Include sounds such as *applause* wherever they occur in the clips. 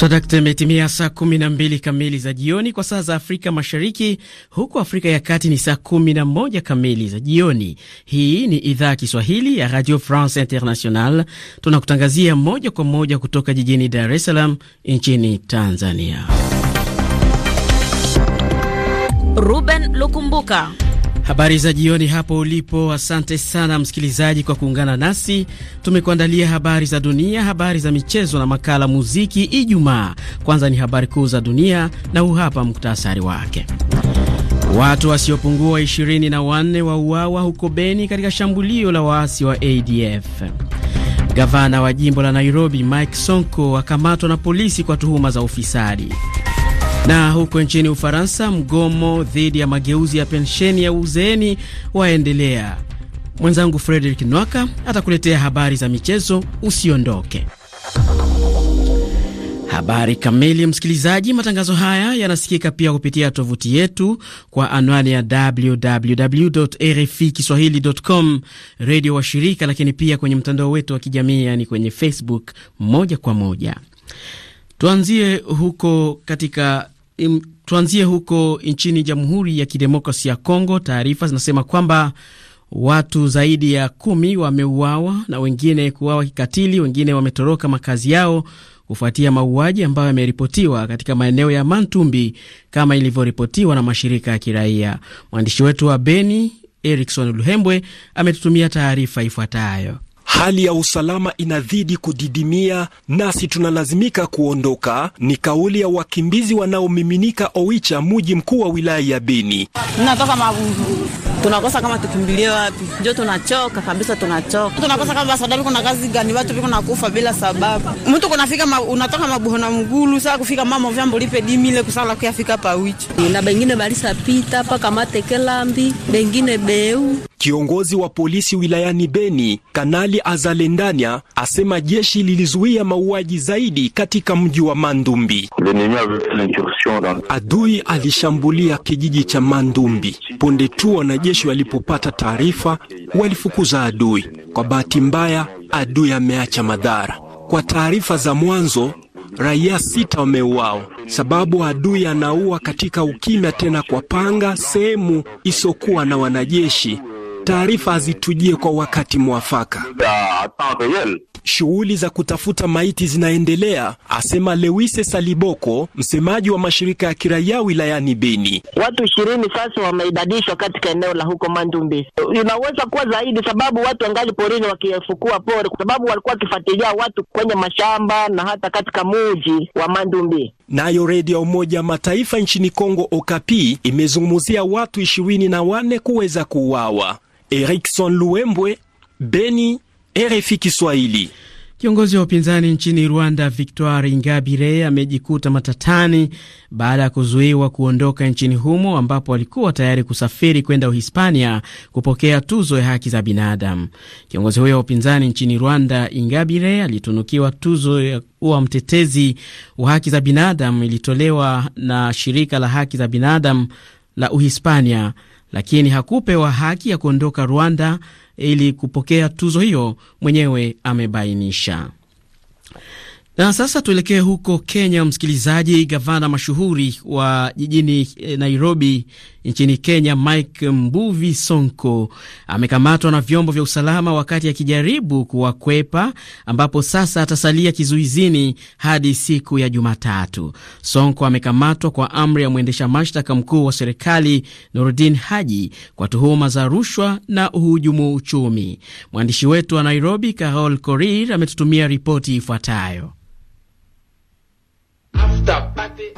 sadakta imetimia saa mbili kamili za jioni kwa saa za Afrika Mashariki, huku Afrika ya Kati ni saa moja kamili za jioni. Hii ni idhaa ya Kiswahili ya Radio France International, tunakutangazia moja kwa moja kutoka jijini Dar es Salaam nchini Tanzania. Ruben Lukumbuka Habari za jioni hapo ulipo. Asante sana msikilizaji kwa kuungana nasi. Tumekuandalia habari za dunia, habari za michezo na makala muziki Ijumaa. Kwanza ni habari kuu za dunia na huu hapa muktasari wake. Watu wasiopungua 24 wauawa huko Beni katika shambulio la waasi wa ADF. Gavana wa jimbo la Nairobi Mike Sonko akamatwa na polisi kwa tuhuma za ufisadi. Na huko nchini Ufaransa, mgomo dhidi ya mageuzi ya pensheni ya uzeeni waendelea. Mwenzangu Frederick Nwaka atakuletea habari za michezo. Usiondoke. Habari kamili, msikilizaji. Matangazo haya yanasikika pia kupitia tovuti yetu kwa anwani ya www RFI kiswahilicom, redio wa shirika, lakini pia kwenye mtandao wetu wa kijamii, yaani kwenye Facebook moja kwa moja. Tuanzie huko katika Tuanzie huko nchini Jamhuri ya Kidemokrasi ya Kongo. Taarifa zinasema kwamba watu zaidi ya kumi wameuawa na wengine kuuawa kikatili, wengine wametoroka makazi yao kufuatia mauaji ambayo yameripotiwa katika maeneo ya Mantumbi kama ilivyoripotiwa na mashirika ya kiraia. Mwandishi wetu wa Beni Erikson Luhembwe ametutumia taarifa ifuatayo hali ya usalama inazidi kudidimia, nasi tunalazimika kuondoka, ni kauli ya wakimbizi wanaomiminika Oicha, muji mkuu wa wilaya ya Beni. Tunatoka Mavuvu, tunakosa kama tukimbilie wapi, njo tunachoka kabisa, tunachoka, tunakosa kama basadali. Kuna kazi gani? Watu viko nakufa bila sababu. Mtu kunafika ma, unatoka mabuho na mgulu saa kufika mama vyambo lipe dimile kusala kuyafika pa Oicha, na bengine balisa pita paka matekelambi, bengine beu Kiongozi wa polisi wilayani Beni, Kanali Azalendania, asema jeshi lilizuia mauaji zaidi katika mji wa Mandumbi. Adui alishambulia kijiji cha Mandumbi. Punde tu wanajeshi walipopata taarifa, walifukuza adui. Kwa bahati mbaya, adui ameacha madhara. Kwa taarifa za mwanzo raia sita wameuawa, sababu adui anaua katika ukimya, tena kwa panga, sehemu isokuwa na wanajeshi taarifa hazitujie kwa wakati mwafaka. Shughuli za kutafuta maiti zinaendelea, asema Lewise Saliboko, msemaji wa mashirika ya kiraia wilayani Beni. Watu ishirini sasa wameidadishwa katika eneo la huko Mandumbi. Inaweza kuwa zaidi, sababu watu wangali porini wakifukua pori, kwa sababu walikuwa wakifuatilia watu kwenye mashamba na hata katika muji wa Mandumbi. Nayo redio ya Umoja Mataifa nchini Kongo Okapi imezungumzia watu ishirini na wane kuweza kuuawa. Erikson Luembwe, Beni, RFI Kiswahili. Kiongozi wa upinzani nchini Rwanda Victoire Ingabire amejikuta matatani baada ya kuzuiwa kuondoka nchini humo ambapo alikuwa tayari kusafiri kwenda Uhispania kupokea tuzo ya haki za binadamu. Kiongozi huyo wa upinzani nchini Rwanda, Ingabire, alitunukiwa tuzo ya kuwa mtetezi wa haki za binadamu, ilitolewa na shirika la haki za binadamu la Uhispania lakini hakupewa haki ya kuondoka Rwanda ili kupokea tuzo hiyo, mwenyewe amebainisha. Na sasa tuelekee huko Kenya, msikilizaji. Gavana mashuhuri wa jijini eh, Nairobi nchini Kenya, Mike Mbuvi Sonko amekamatwa na vyombo vya usalama wakati akijaribu kuwakwepa, ambapo sasa atasalia kizuizini hadi siku ya Jumatatu. Sonko amekamatwa kwa amri ya mwendesha mashtaka mkuu wa serikali Nordin Haji kwa tuhuma za rushwa na uhujumu uchumi. Mwandishi wetu wa Nairobi, Carol Korir, ametutumia ripoti ifuatayo.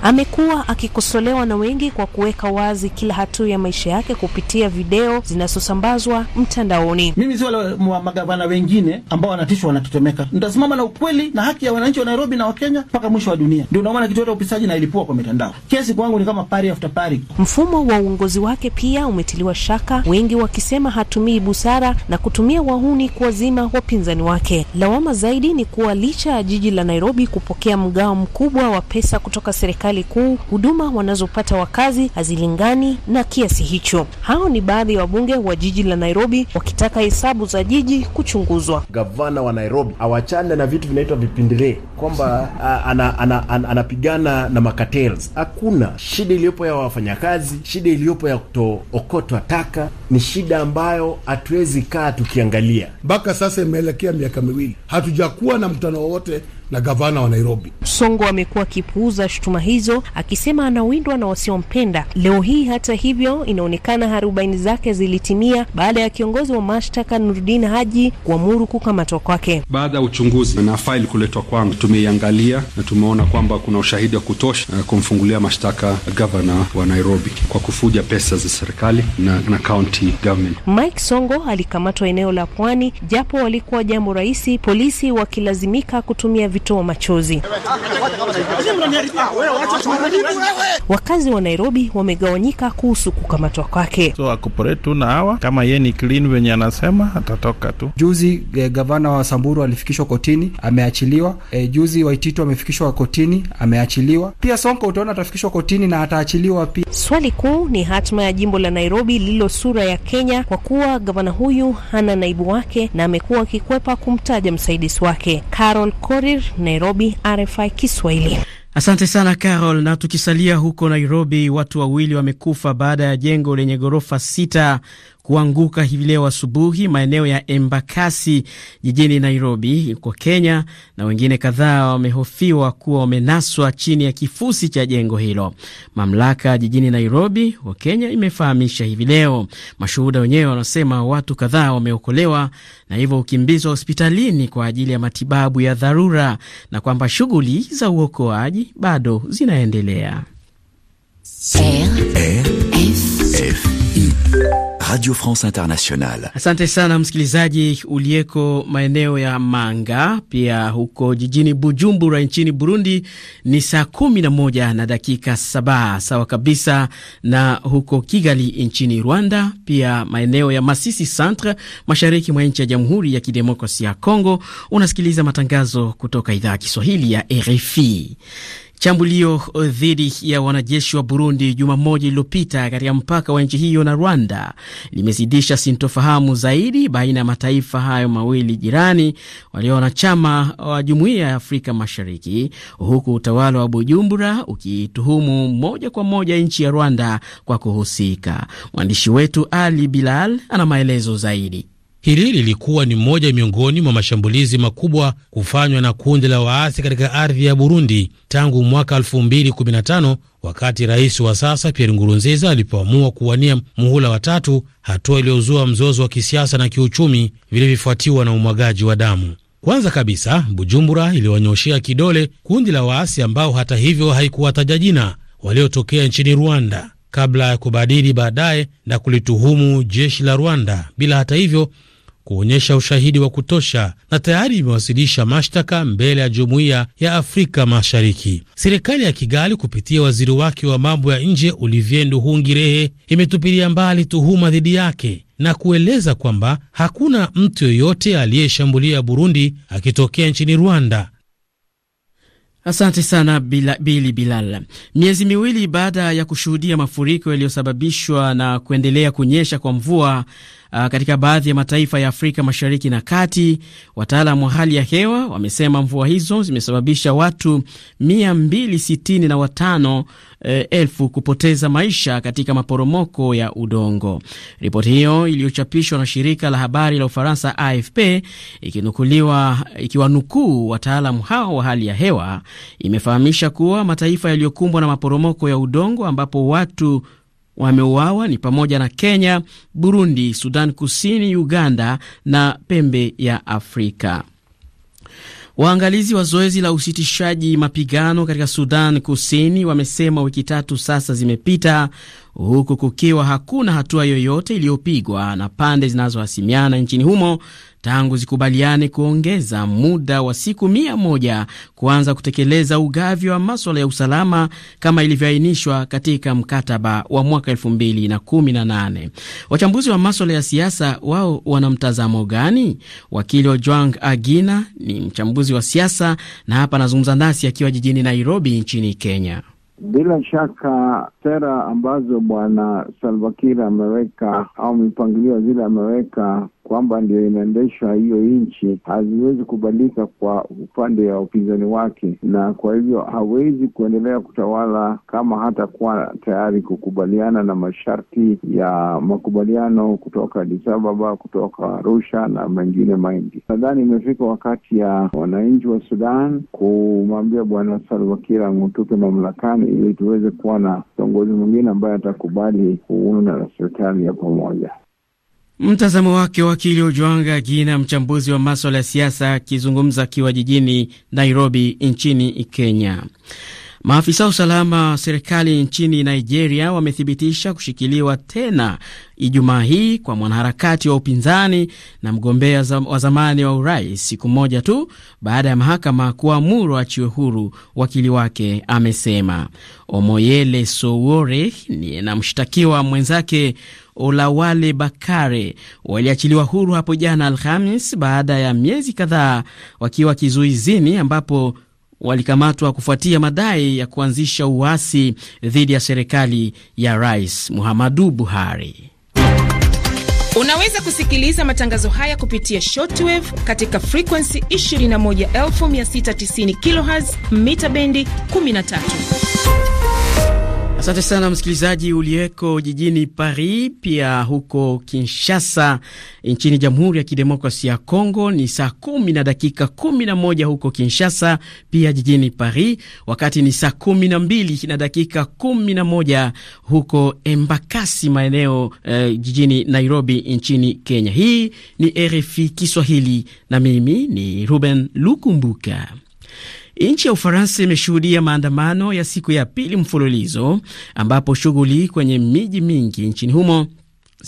Amekuwa akikosolewa na wengi kwa kuweka wazi kila hatua ya maisha yake kupitia video zinazosambazwa mtandaoni. Mimi si wale wa magavana wengine ambao wanatishwa, wanatetemeka. Nitasimama na ukweli na haki ya wananchi wa Nairobi na Wakenya mpaka mwisho wa dunia. Ndio naona kitoto upisaji na ilipua kwa mitandao. Kesi kwangu ni kama pari after pari. Mfumo wa uongozi wake pia umetiliwa shaka, wengi wakisema hatumii busara na kutumia wahuni kuwazima wapinzani wake. Lawama zaidi ni kuwa licha ya jiji la Nairobi kupokea mgao mkubwa wa pesa kutoka serikali kuu, huduma wanazopata wakazi hazilingani na kiasi hicho. Hao ni baadhi ya wabunge wa jiji la Nairobi wakitaka hesabu za jiji kuchunguzwa. Gavana wa Nairobi awachane na vitu vinaitwa vipindilee, kwamba anapigana ana, ana, ana na makatels. Hakuna shida iliyopo ya wafanyakazi, shida iliyopo ya kutookotwa taka ni shida ambayo hatuwezi kaa tukiangalia. Mpaka sasa imeelekea miaka miwili hatujakuwa na mkutano wowote na gavana wa Nairobi. Songo amekuwa akipuuza shutuma hizo akisema anawindwa na wasiompenda. Leo hii hata hivyo, inaonekana harubaini zake zilitimia baada ya kiongozi wa mashtaka Nurudin Haji kuamuru kukamatwa kwake. Baada ya uchunguzi na faili kuletwa kwangu, tumeiangalia na tumeona kwamba kuna ushahidi wa kutosha eh, kumfungulia mashtaka gavana wa Nairobi kwa kufuja pesa za serikali na, na county government. Mike Songo alikamatwa eneo la pwani, japo walikuwa jambo rahisi, polisi wakilazimika kutumia kuvitoa machozi. Wakazi wa Nairobi wamegawanyika kuhusu kukamatwa kwake. So akupore tu na hawa kama ye ni clean venye anasema atatoka tu. Juzi eh, gavana wa Samburu alifikishwa kotini ameachiliwa. Eh, juzi Waititu amefikishwa kotini ameachiliwa. Pia Sonko utaona atafikishwa kotini na ataachiliwa pia. Swali kuu ni hatima ya jimbo la Nairobi lililo sura ya Kenya kwa kuwa gavana huyu hana naibu wake na amekuwa akikwepa kumtaja msaidizi wake. Carol Korir, Nairobi, RFI Kiswahili. Asante sana Carol. Na tukisalia huko Nairobi, watu wawili wamekufa baada ya jengo lenye ghorofa sita kuanguka hivi leo asubuhi maeneo ya Embakasi jijini Nairobi huko Kenya, na wengine kadhaa wamehofiwa kuwa wamenaswa chini ya kifusi cha jengo hilo. Mamlaka jijini Nairobi huko Kenya imefahamisha hivi leo. Mashuhuda wenyewe wanasema watu kadhaa wameokolewa na hivyo ukimbizwa hospitalini kwa ajili ya matibabu ya dharura na kwamba shughuli za uokoaji bado zinaendelea. RFI Radio France Internationale. Asante sana msikilizaji uliyeko maeneo ya Manga, pia huko jijini Bujumbura nchini Burundi ni saa kumi na moja na dakika saba sawa kabisa na huko Kigali nchini Rwanda, pia maeneo ya Masisi Centre mashariki mwa nchi ya Jamhuri ya Kidemokrasia ya Kongo. Unasikiliza matangazo kutoka idhaa ya Kiswahili ya RFI. Shambulio dhidi ya wanajeshi wa Burundi juma moja iliyopita katika mpaka wa nchi hiyo na Rwanda limezidisha sintofahamu zaidi baina ya mataifa hayo mawili jirani walio wanachama wa Jumuiya ya Afrika Mashariki, huku utawala wa Bujumbura ukituhumu moja kwa moja nchi ya Rwanda kwa kuhusika. Mwandishi wetu Ali Bilal ana maelezo zaidi. Hili lilikuwa ni moja miongoni mwa mashambulizi makubwa kufanywa na kundi la waasi katika ardhi ya Burundi tangu mwaka 2015 wakati rais wa sasa Pierre Nkurunziza alipoamua kuwania muhula wa tatu, hatua iliyozua mzozo wa kisiasa na kiuchumi vilivyofuatiwa na umwagaji wa damu. Kwanza kabisa, Bujumbura iliwanyoshea kidole kundi la waasi ambao hata hivyo haikuwataja jina, waliotokea nchini Rwanda kabla ya kubadili baadaye na kulituhumu jeshi la Rwanda bila hata hivyo kuonyesha ushahidi wa kutosha na tayari imewasilisha mashtaka mbele ya Jumuiya ya Afrika Mashariki. Serikali ya Kigali kupitia waziri wake wa mambo ya nje Olivier Nduhungirehe imetupilia mbali tuhuma dhidi yake na kueleza kwamba hakuna mtu yoyote aliyeshambulia Burundi akitokea nchini Rwanda. Asante sana bila, Bili Bilal. Miezi miwili baada ya kushuhudia mafuriko yaliyosababishwa na kuendelea kunyesha kwa mvua uh, katika baadhi ya mataifa ya Afrika Mashariki na Kati. Wataalamu wa hali ya hewa wamesema mvua hizo zimesababisha watu 265 eh, elfu kupoteza maisha katika maporomoko ya udongo. Ripoti hiyo iliyochapishwa na shirika la habari la Ufaransa AFP ikinukuliwa ikiwanukuu wataalamu hao wa hali ya hewa imefahamisha kuwa mataifa yaliyokumbwa na maporomoko ya udongo ambapo watu wameuawa ni pamoja na Kenya, Burundi, Sudan Kusini, Uganda na pembe ya Afrika. Waangalizi wa zoezi la usitishaji mapigano katika Sudan Kusini wamesema wiki tatu sasa zimepita huku kukiwa hakuna hatua yoyote iliyopigwa na pande zinazohasimiana nchini humo tangu zikubaliane kuongeza muda wa siku mia moja kuanza kutekeleza ugavi wa maswala ya usalama kama ilivyoainishwa katika mkataba wa mwaka na na kumi nane Wachambuzi wa maswala ya siasa wao wana mtazamo gani? Wakili Ojwang Agina ni mchambuzi wa siasa na hapa anazungumza nasi akiwa jijini Nairobi nchini Kenya. Bila shaka sera ambazo bwana Salva Kiir ameweka au mipangilio zile ameweka kwamba ndio inaendeshwa hiyo nchi haziwezi kubadilika kwa upande wa upinzani wake, na kwa hivyo hawezi kuendelea kutawala kama hatakuwa tayari kukubaliana na masharti ya makubaliano kutoka Addis Ababa, kutoka Arusha na mengine mengi. Nadhani imefika wakati ya wananchi wa Sudan kumwambia Bwana Salva Kiir ang'atuke mamlakani ili tuweze kuwa na kiongozi mwingine ambaye atakubali kuunda na serikali ya pamoja. Mtazamo wake wakili Ojwanga Gina, mchambuzi wa maswala ya siasa, akizungumza akiwa jijini Nairobi nchini Kenya. Maafisa wa usalama wa serikali nchini Nigeria wamethibitisha kushikiliwa tena Ijumaa hii kwa mwanaharakati wa upinzani na mgombea wa zamani wa urais, siku moja tu baada ya mahakama kuamuru achiwe huru, wakili wake amesema. Omoyele Sowore na mshtakiwa mwenzake Olawale Bakare waliachiliwa huru hapo jana Alhamis baada ya miezi kadhaa wakiwa kizuizini ambapo walikamatwa kufuatia madai ya kuanzisha uasi dhidi ya serikali ya Rais Muhammadu Buhari. Unaweza kusikiliza matangazo haya kupitia shortwave katika frekuensi 21690 kHz mita bendi 13. Asante sana msikilizaji uliyeko jijini Paris, pia huko Kinshasa nchini Jamhuri ya kidemokrasi ya congo ni saa kumi na dakika kumi na moja huko Kinshasa, pia jijini Paris wakati ni saa kumi na mbili na dakika kumi na moja huko Embakasi maeneo eh, jijini Nairobi nchini Kenya. Hii ni RFI Kiswahili na mimi ni Ruben Lukumbuka. Nchi ya Ufaransa imeshuhudia maandamano ya siku ya pili mfululizo ambapo shughuli kwenye miji mingi nchini humo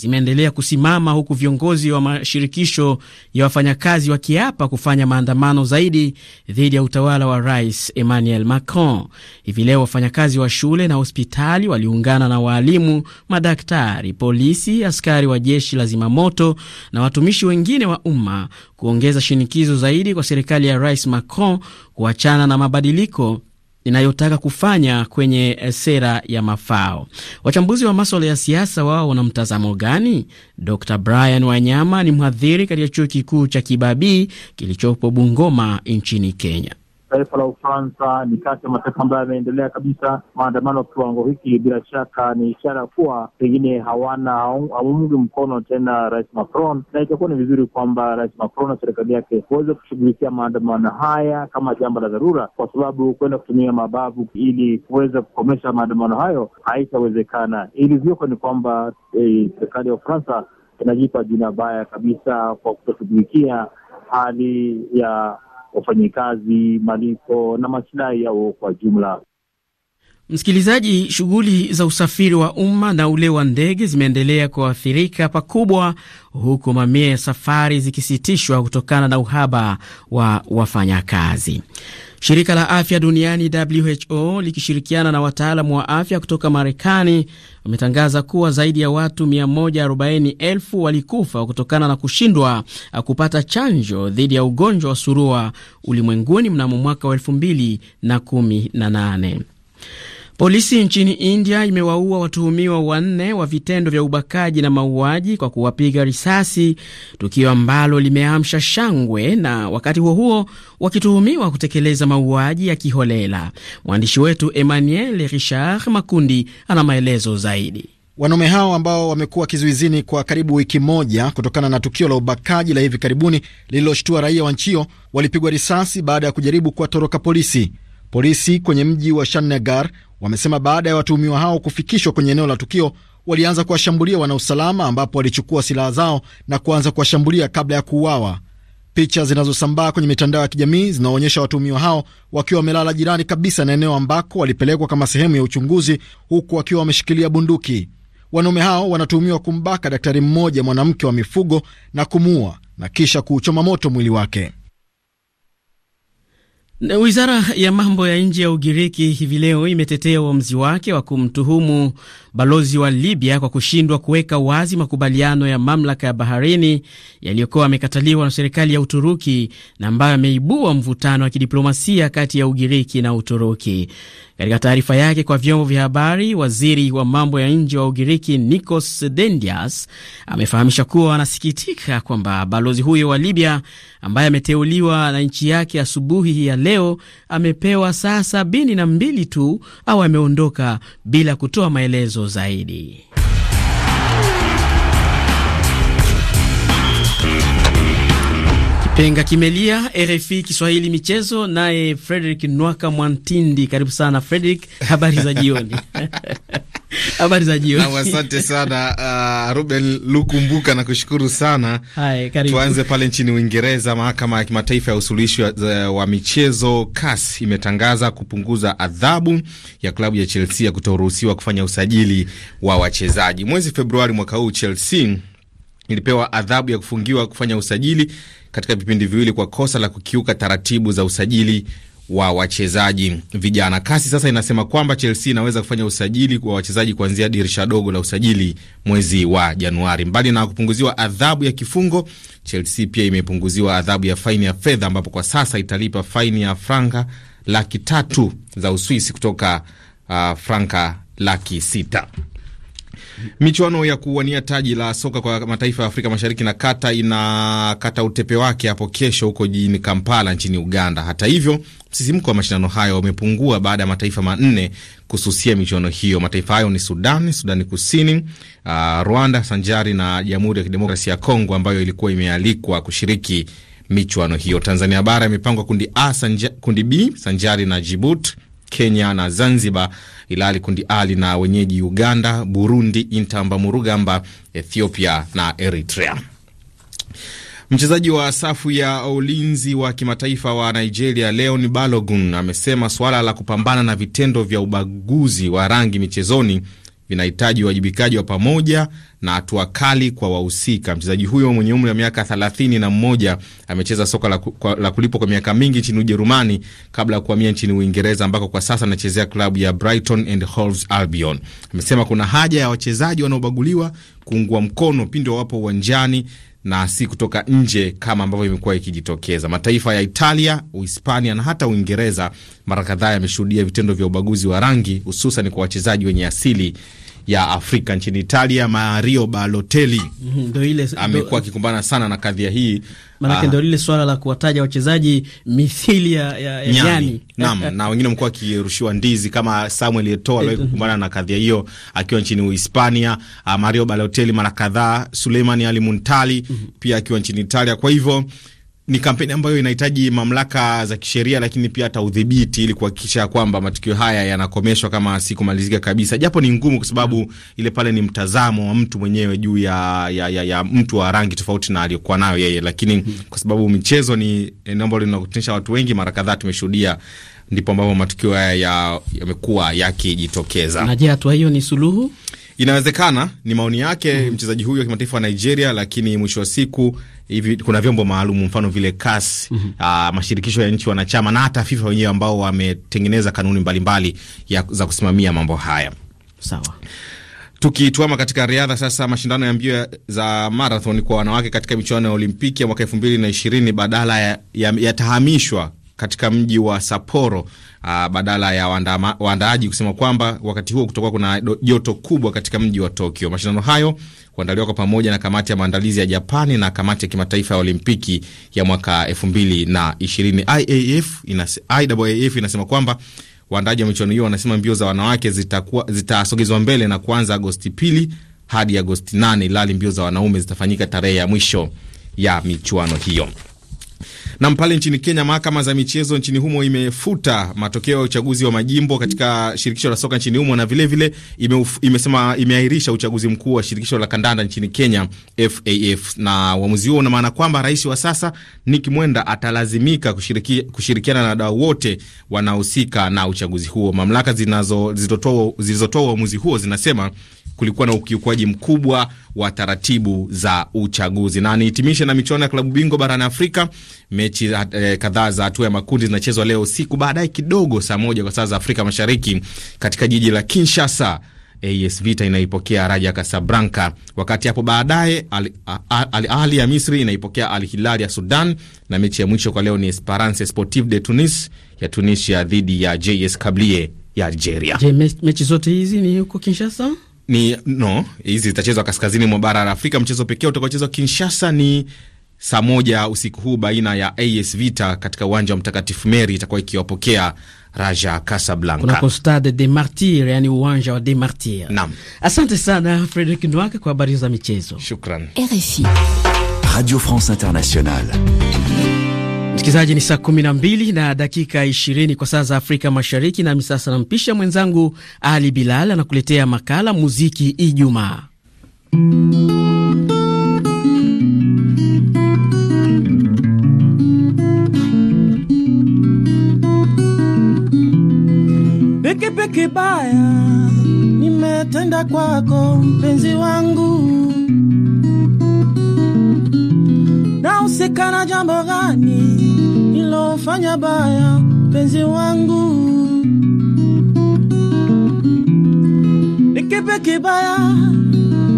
zimeendelea kusimama huku viongozi wa mashirikisho ya wafanyakazi wakiapa kufanya maandamano zaidi dhidi ya utawala wa Rais Emmanuel Macron. Hivi leo wafanyakazi wa shule na hospitali waliungana na waalimu, madaktari, polisi, askari wa jeshi la zimamoto na watumishi wengine wa umma kuongeza shinikizo zaidi kwa serikali ya Rais Macron kuachana na mabadiliko inayotaka kufanya kwenye eh, sera ya mafao. Wachambuzi wa maswala ya siasa wao wana mtazamo gani? Dr Brian Wanyama ni mhadhiri katika chuo kikuu cha Kibabii kilichopo Bungoma nchini Kenya taifa la Ufaransa ni kati ya mataifa ambayo yameendelea kabisa. Maandamano kiwango hiki bila shaka ni ishara kuwa pengine hawana hawamungi mkono tena Rais Macron, na itakuwa ni vizuri kwamba Rais Macron na serikali yake waweze kushughulikia maandamano haya kama jambo la dharura, kwa sababu kwenda kutumia mabavu ili kuweza kukomesha maandamano hayo haitawezekana. Ilivyoko ni kwamba eh, serikali eh, ya Ufaransa inajipa jina baya kabisa kwa kutoshughulikia hali ya wafanyikazi, malipo na masilahi yao kwa jumla. Msikilizaji, shughuli za usafiri wa umma na ule wa ndege zimeendelea kuathirika pakubwa, huku mamia ya safari zikisitishwa kutokana na uhaba wa wafanyakazi. Shirika la afya duniani WHO likishirikiana na wataalamu wa afya kutoka Marekani wametangaza kuwa zaidi ya watu 140,000 walikufa kutokana na kushindwa kupata chanjo dhidi ya ugonjwa wa surua ulimwenguni mnamo mwaka wa 2018. Polisi nchini India imewaua watuhumiwa wanne wa vitendo vya ubakaji na mauaji kwa kuwapiga risasi, tukio ambalo limeamsha shangwe na wakati huo huo wakituhumiwa kutekeleza mauaji ya kiholela. Mwandishi wetu Emmanuel Richard Makundi ana maelezo zaidi. Wanaume hao ambao wamekuwa kizuizini kwa karibu wiki moja kutokana na tukio la ubakaji la hivi karibuni lililoshtua raia wa nchi hiyo walipigwa risasi baada ya kujaribu kuwatoroka polisi. Polisi kwenye mji wa Shannegar wamesema baada ya watuhumiwa hao kufikishwa kwenye eneo la tukio walianza kuwashambulia wanausalama, ambapo walichukua silaha zao na kuanza kuwashambulia kabla ya kuuawa. Picha zinazosambaa kwenye mitandao ya kijamii zinaonyesha watuhumiwa hao wakiwa wamelala jirani kabisa na eneo ambako walipelekwa kama sehemu ya uchunguzi, huku wakiwa wameshikilia bunduki. Wanaume hao wanatuhumiwa kumbaka daktari mmoja mwanamke wa mifugo na kumuua na kisha kuuchoma moto mwili wake wizara ya mambo ya nje ya Ugiriki hivi leo imetetea uamuzi wake wa kumtuhumu balozi wa Libya kwa kushindwa kuweka wazi makubaliano ya mamlaka ya baharini yaliyokuwa yamekataliwa na serikali ya Uturuki na ambayo ameibua mvutano wa kidiplomasia kati ya Ugiriki na Uturuki. Katika taarifa yake kwa vyombo vya habari, waziri wa mambo ya nje wa Ugiriki Nikos Dendias amefahamisha kuwa anasikitika kwamba balozi huyo wa Libya ambaye ameteuliwa na nchi yake asubuhi ya leo amepewa saa sabini na mbili tu au ameondoka bila kutoa maelezo zaidi. Penga kimelia, RFI Kiswahili michezo, naye Frederick Nwaka Mwantindi. Karibu sana Frederick, habari za jioni. *laughs* Habari za jioni. Asante sana uh, Ruben Lukumbuka, nakushukuru sana. Hai, karibu. Tuanze pale nchini Uingereza. Mahakama ya Kimataifa ya Usuluhishi wa, uh, wa Michezo CAS imetangaza kupunguza adhabu ya klabu ya Chelsea ya kutoruhusiwa kufanya usajili wa wachezaji. Mwezi Februari mwaka huu Chelsea ilipewa adhabu ya kufungiwa kufanya usajili katika vipindi viwili kwa kosa la kukiuka taratibu za usajili wa wachezaji vijana. Kasi sasa inasema kwamba Chelsea inaweza kufanya usajili wa wachezaji kuanzia dirisha dogo la usajili mwezi wa Januari. Mbali na kupunguziwa adhabu ya kifungo, Chelsea pia imepunguziwa adhabu ya faini ya fedha, ambapo kwa sasa italipa faini ya franka laki tatu za Uswisi kutoka uh, franka laki sita. Michuano ya kuwania taji la soka kwa mataifa ya Afrika Mashariki na kata inakata utepe wake hapo kesho huko jijini Kampala nchini Uganda. Hata hivyo, msisimko wa mashindano hayo umepungua baada ya mataifa manne kususia michuano hiyo. Mataifa hayo ni Sudan, Sudani Kusini, uh, Rwanda sanjari na Jamhuri ya Kidemokrasia ya Kongo ambayo ilikuwa imealikwa kushiriki michuano hiyo. Tanzania bara imepangwa kundi A sanja, kundi B sanjari na Djibouti Kenya na Zanzibar, ilali kundi A lina wenyeji Uganda, Burundi, Intamba Murugamba, Ethiopia na Eritrea. Mchezaji wa safu ya ulinzi wa kimataifa wa Nigeria Leon Balogun amesema suala la kupambana na vitendo vya ubaguzi wa rangi michezoni vinahitaji uwajibikaji wa pamoja na hatua kali kwa wahusika. Mchezaji huyo mwenye umri wa miaka thelathini na mmoja amecheza soka la, kwa, la kulipwa kwa miaka mingi nchini Ujerumani kabla ya kuhamia nchini Uingereza ambako kwa sasa anachezea klabu ya Brighton and Hove Albion. Amesema kuna haja ya wachezaji wanaobaguliwa kuungua mkono pindi wawapo uwanjani na si kutoka nje kama ambavyo imekuwa ikijitokeza. Mataifa ya Italia, Uhispania na hata Uingereza mara kadhaa yameshuhudia vitendo vya ubaguzi wa rangi, hususan kwa wachezaji wenye asili ya Afrika nchini Italia, Mario Balotelli mm -hmm, amekuwa akikumbana sana na kadhia hii manake ah. ndio lile swala la kuwataja wachezaji mithili ya, ya, nyani. Naam, *laughs* na wengine wamekuwa wakirushiwa ndizi kama Samuel Eto'o eh, aliwahi kukumbana na kadhia hiyo akiwa nchini Uhispania, ah, Mario Balotelli mara kadhaa, Suleimani Ali Muntali mhm. pia akiwa nchini Italia. Kwa hivyo ni kampeni ambayo inahitaji mamlaka za kisheria, lakini pia hata udhibiti, ili kuhakikisha kwamba matukio haya yanakomeshwa kama si kumalizika kabisa, japo ni ngumu, kwa sababu ile pale ni mtazamo wa mtu mwenyewe juu ya, ya, ya, ya mtu wa rangi tofauti na aliyokuwa nayo yeye, lakini mm -hmm. kwa sababu michezo ni eneo ambalo linakutanisha watu wengi, mara kadhaa tumeshuhudia ndipo ambapo matukio haya yamekuwa ya yakijitokeza. Na je, hatua hiyo ni suluhu? Inawezekana, ni maoni yake mm. mchezaji huyo wa kimataifa wa Nigeria, lakini mwisho wa siku hivi kuna vyombo maalum, mfano vile CAS mm -hmm. mashirikisho ya nchi wanachama na hata FIFA wenyewe ambao wametengeneza kanuni mbalimbali mbali za kusimamia mambo haya. Sawa. Tukituama katika riadha sasa, mashindano ya mbio za marathon kwa wanawake katika michuano ya Olimpiki ya mwaka elfu mbili na ishirini badala yatahamishwa ya, ya katika mji wa Sapporo uh, badala ya waandaaji kusema kwamba wakati huo kutokuwa kuna joto kubwa katika mji wa Tokyo. Mashindano hayo kuandaliwa kwa pamoja na kamati ya maandalizi ya Japani na kamati ya kimataifa ya Olimpiki ya mwaka 2020. IAAF inasema kwamba waandaji wa michuano hiyo wanasema mbio za wanawake zitasogezwa zita mbele na kuanza Agosti pili hadi Agosti 8 ilali mbio za wanaume zitafanyika tarehe ya mwisho ya michuano hiyo. Na pale nchini Kenya, mahakama za michezo nchini humo imefuta matokeo ya uchaguzi wa majimbo katika shirikisho la soka nchini humo na vilevile ime, imesema imeahirisha uchaguzi mkuu wa shirikisho la kandanda nchini Kenya FAF, na uamuzi huo una maana kwamba rais wa sasa Nick Mwenda atalazimika kushiriki, kushirikiana na wadau wote wanaohusika na uchaguzi huo. Mamlaka zilizotoa uamuzi huo zinasema kulikuwa na ukiukwaji mkubwa wa taratibu za uchaguzi. Na nihitimishe na michuano ya klabu bingwa barani Afrika. Mechi eh, kadhaa za hatua ya makundi zinachezwa leo usiku baadaye kidogo, saa moja kwa saa za Afrika Mashariki, katika jiji la Kinshasa. AS Vita inaipokea Raja Casablanca, wakati hapo baadaye Al Ahly Al, Al, ya Misri inaipokea Al Hilal ya Sudan, na mechi ya mwisho kwa leo ni Esperance Sportive de Tunis ya Tunisia dhidi ya JS Kabylie ya Algeria. Je, mechi zote hizi ni huko Kinshasa? Ni no, hizi zitachezwa kaskazini mwa bara la Afrika. Mchezo pekee utakaochezwa Kinshasa ni saa moja usiku huu baina ya AS Vita katika uwanja wa Mtakatifu Meri itakuwa ikiwapokea Raja Casablanca Stade de Martir, yani uwanja wa de Martir. Naam, asante sana Fredrik Nwaka kwa habari za michezo, shukran. RFI Radio France Internationale. Msikilizaji, ni saa 12 na dakika 20 kwa saa za Afrika Mashariki, nami sasa nampisha mwenzangu Ali Bilal anakuletea makala muziki Ijumaa. kibaya nimetenda kwako, mpenzi wangu, na usikana jambo gani nilofanya baya, mpenzi wangu, nikipe kibaya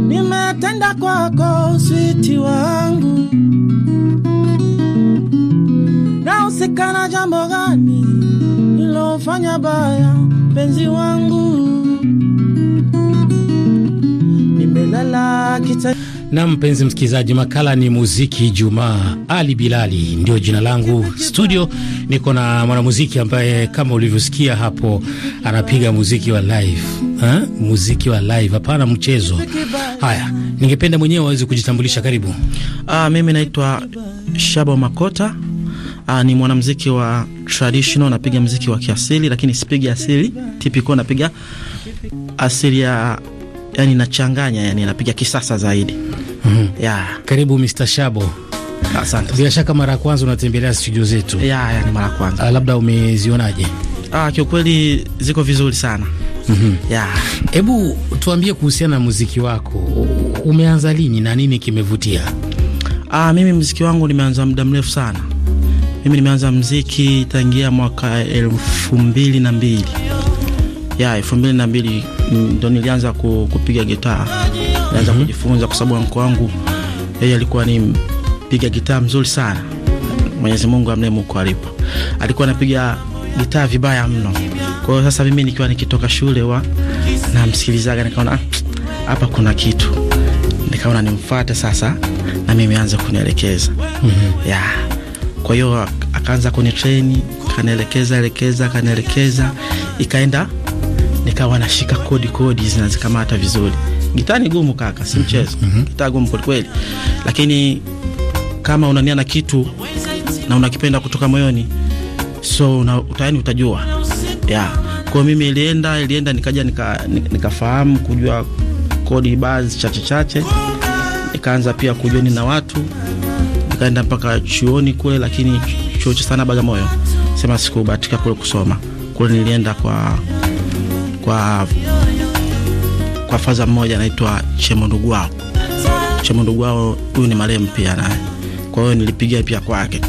nimetenda kwako, switi wangu, na usikana jambo gani nilofanya baya, mpenzi wangu, nimelala kita na mpenzi msikilizaji, makala ni muziki Jumaa. Ali Bilali ndio jina langu. Studio niko na mwanamuziki ambaye kama ulivyosikia hapo anapiga muziki wa live ha? muziki wa live, hapana mchezo. Haya, ningependa mwenyewe waweze kujitambulisha. Karibu. Aa, ah, mimi naitwa Shabo Makota Aa, ah, ni mwanamuziki wa traditional, napiga muziki wa kiasili, lakini sipigi asili tipiko, napiga asili ya yani, nachanganya yani, napiga kisasa zaidi. mm -hmm. yeah. Karibu Mr. Shabo. Asante. Bila shaka mara ya kwanza unatembelea studio zetu. Ya, yeah, ni mara kwanza. Ah, labda umezionaje? Ah, kiukweli ziko vizuri sana. Mm -hmm. Yeah. Hebu tuambie kuhusiana na muziki wako. Umeanza lini na nini kimevutia? Ah, mimi muziki wangu nimeanza muda mrefu sana. Mimi nimeanza mziki tangia mwaka elfu mbili na mbili ya elfu mbili na mbili ndo nilianza kupiga gitaa, nilianza mm -hmm. kujifunza kwa sababu mko wangu yeye alikuwa ni mpiga gitaa mzuri sana, Mwenyezi Mungu amne muko alipo, alikuwa anapiga gitaa vibaya mno. Kwa hiyo sasa mimi nikiwa nikitoka shule wa namsikilizaga, nikaona ah, hapa kuna kitu, nikaona nimfuate sasa na mimi anza kunielekeza mm -hmm. yeah. Kwa hiyo akaanza kunitrain, kanaelekeza elekeza, kanaelekeza ikaenda nikawa nashika kodi kodi zinazikamata vizuri. Gitaa ni gumu kaka, si mhm, mchezo. mm -hmm. Gitaa gumu kweli kweli, lakini kama unania na kitu na unakipenda kutoka moyoni, so una, utani utajua yeah. Kwa mimi ilienda ilienda, nikaja nikafahamu nika kujua kodi baadhi chache chache, nikaanza pia kujoni na watu nikaenda mpaka chuoni kule, lakini chuo cha Bagamoyo sema sikubahatika kule kusoma kule. Nilienda kwa kwa kwa faza mmoja anaitwa Chemundugwao. Chemundugwao huyu ni marehemu pia naye, kwa hiyo nilipiga pia kwake,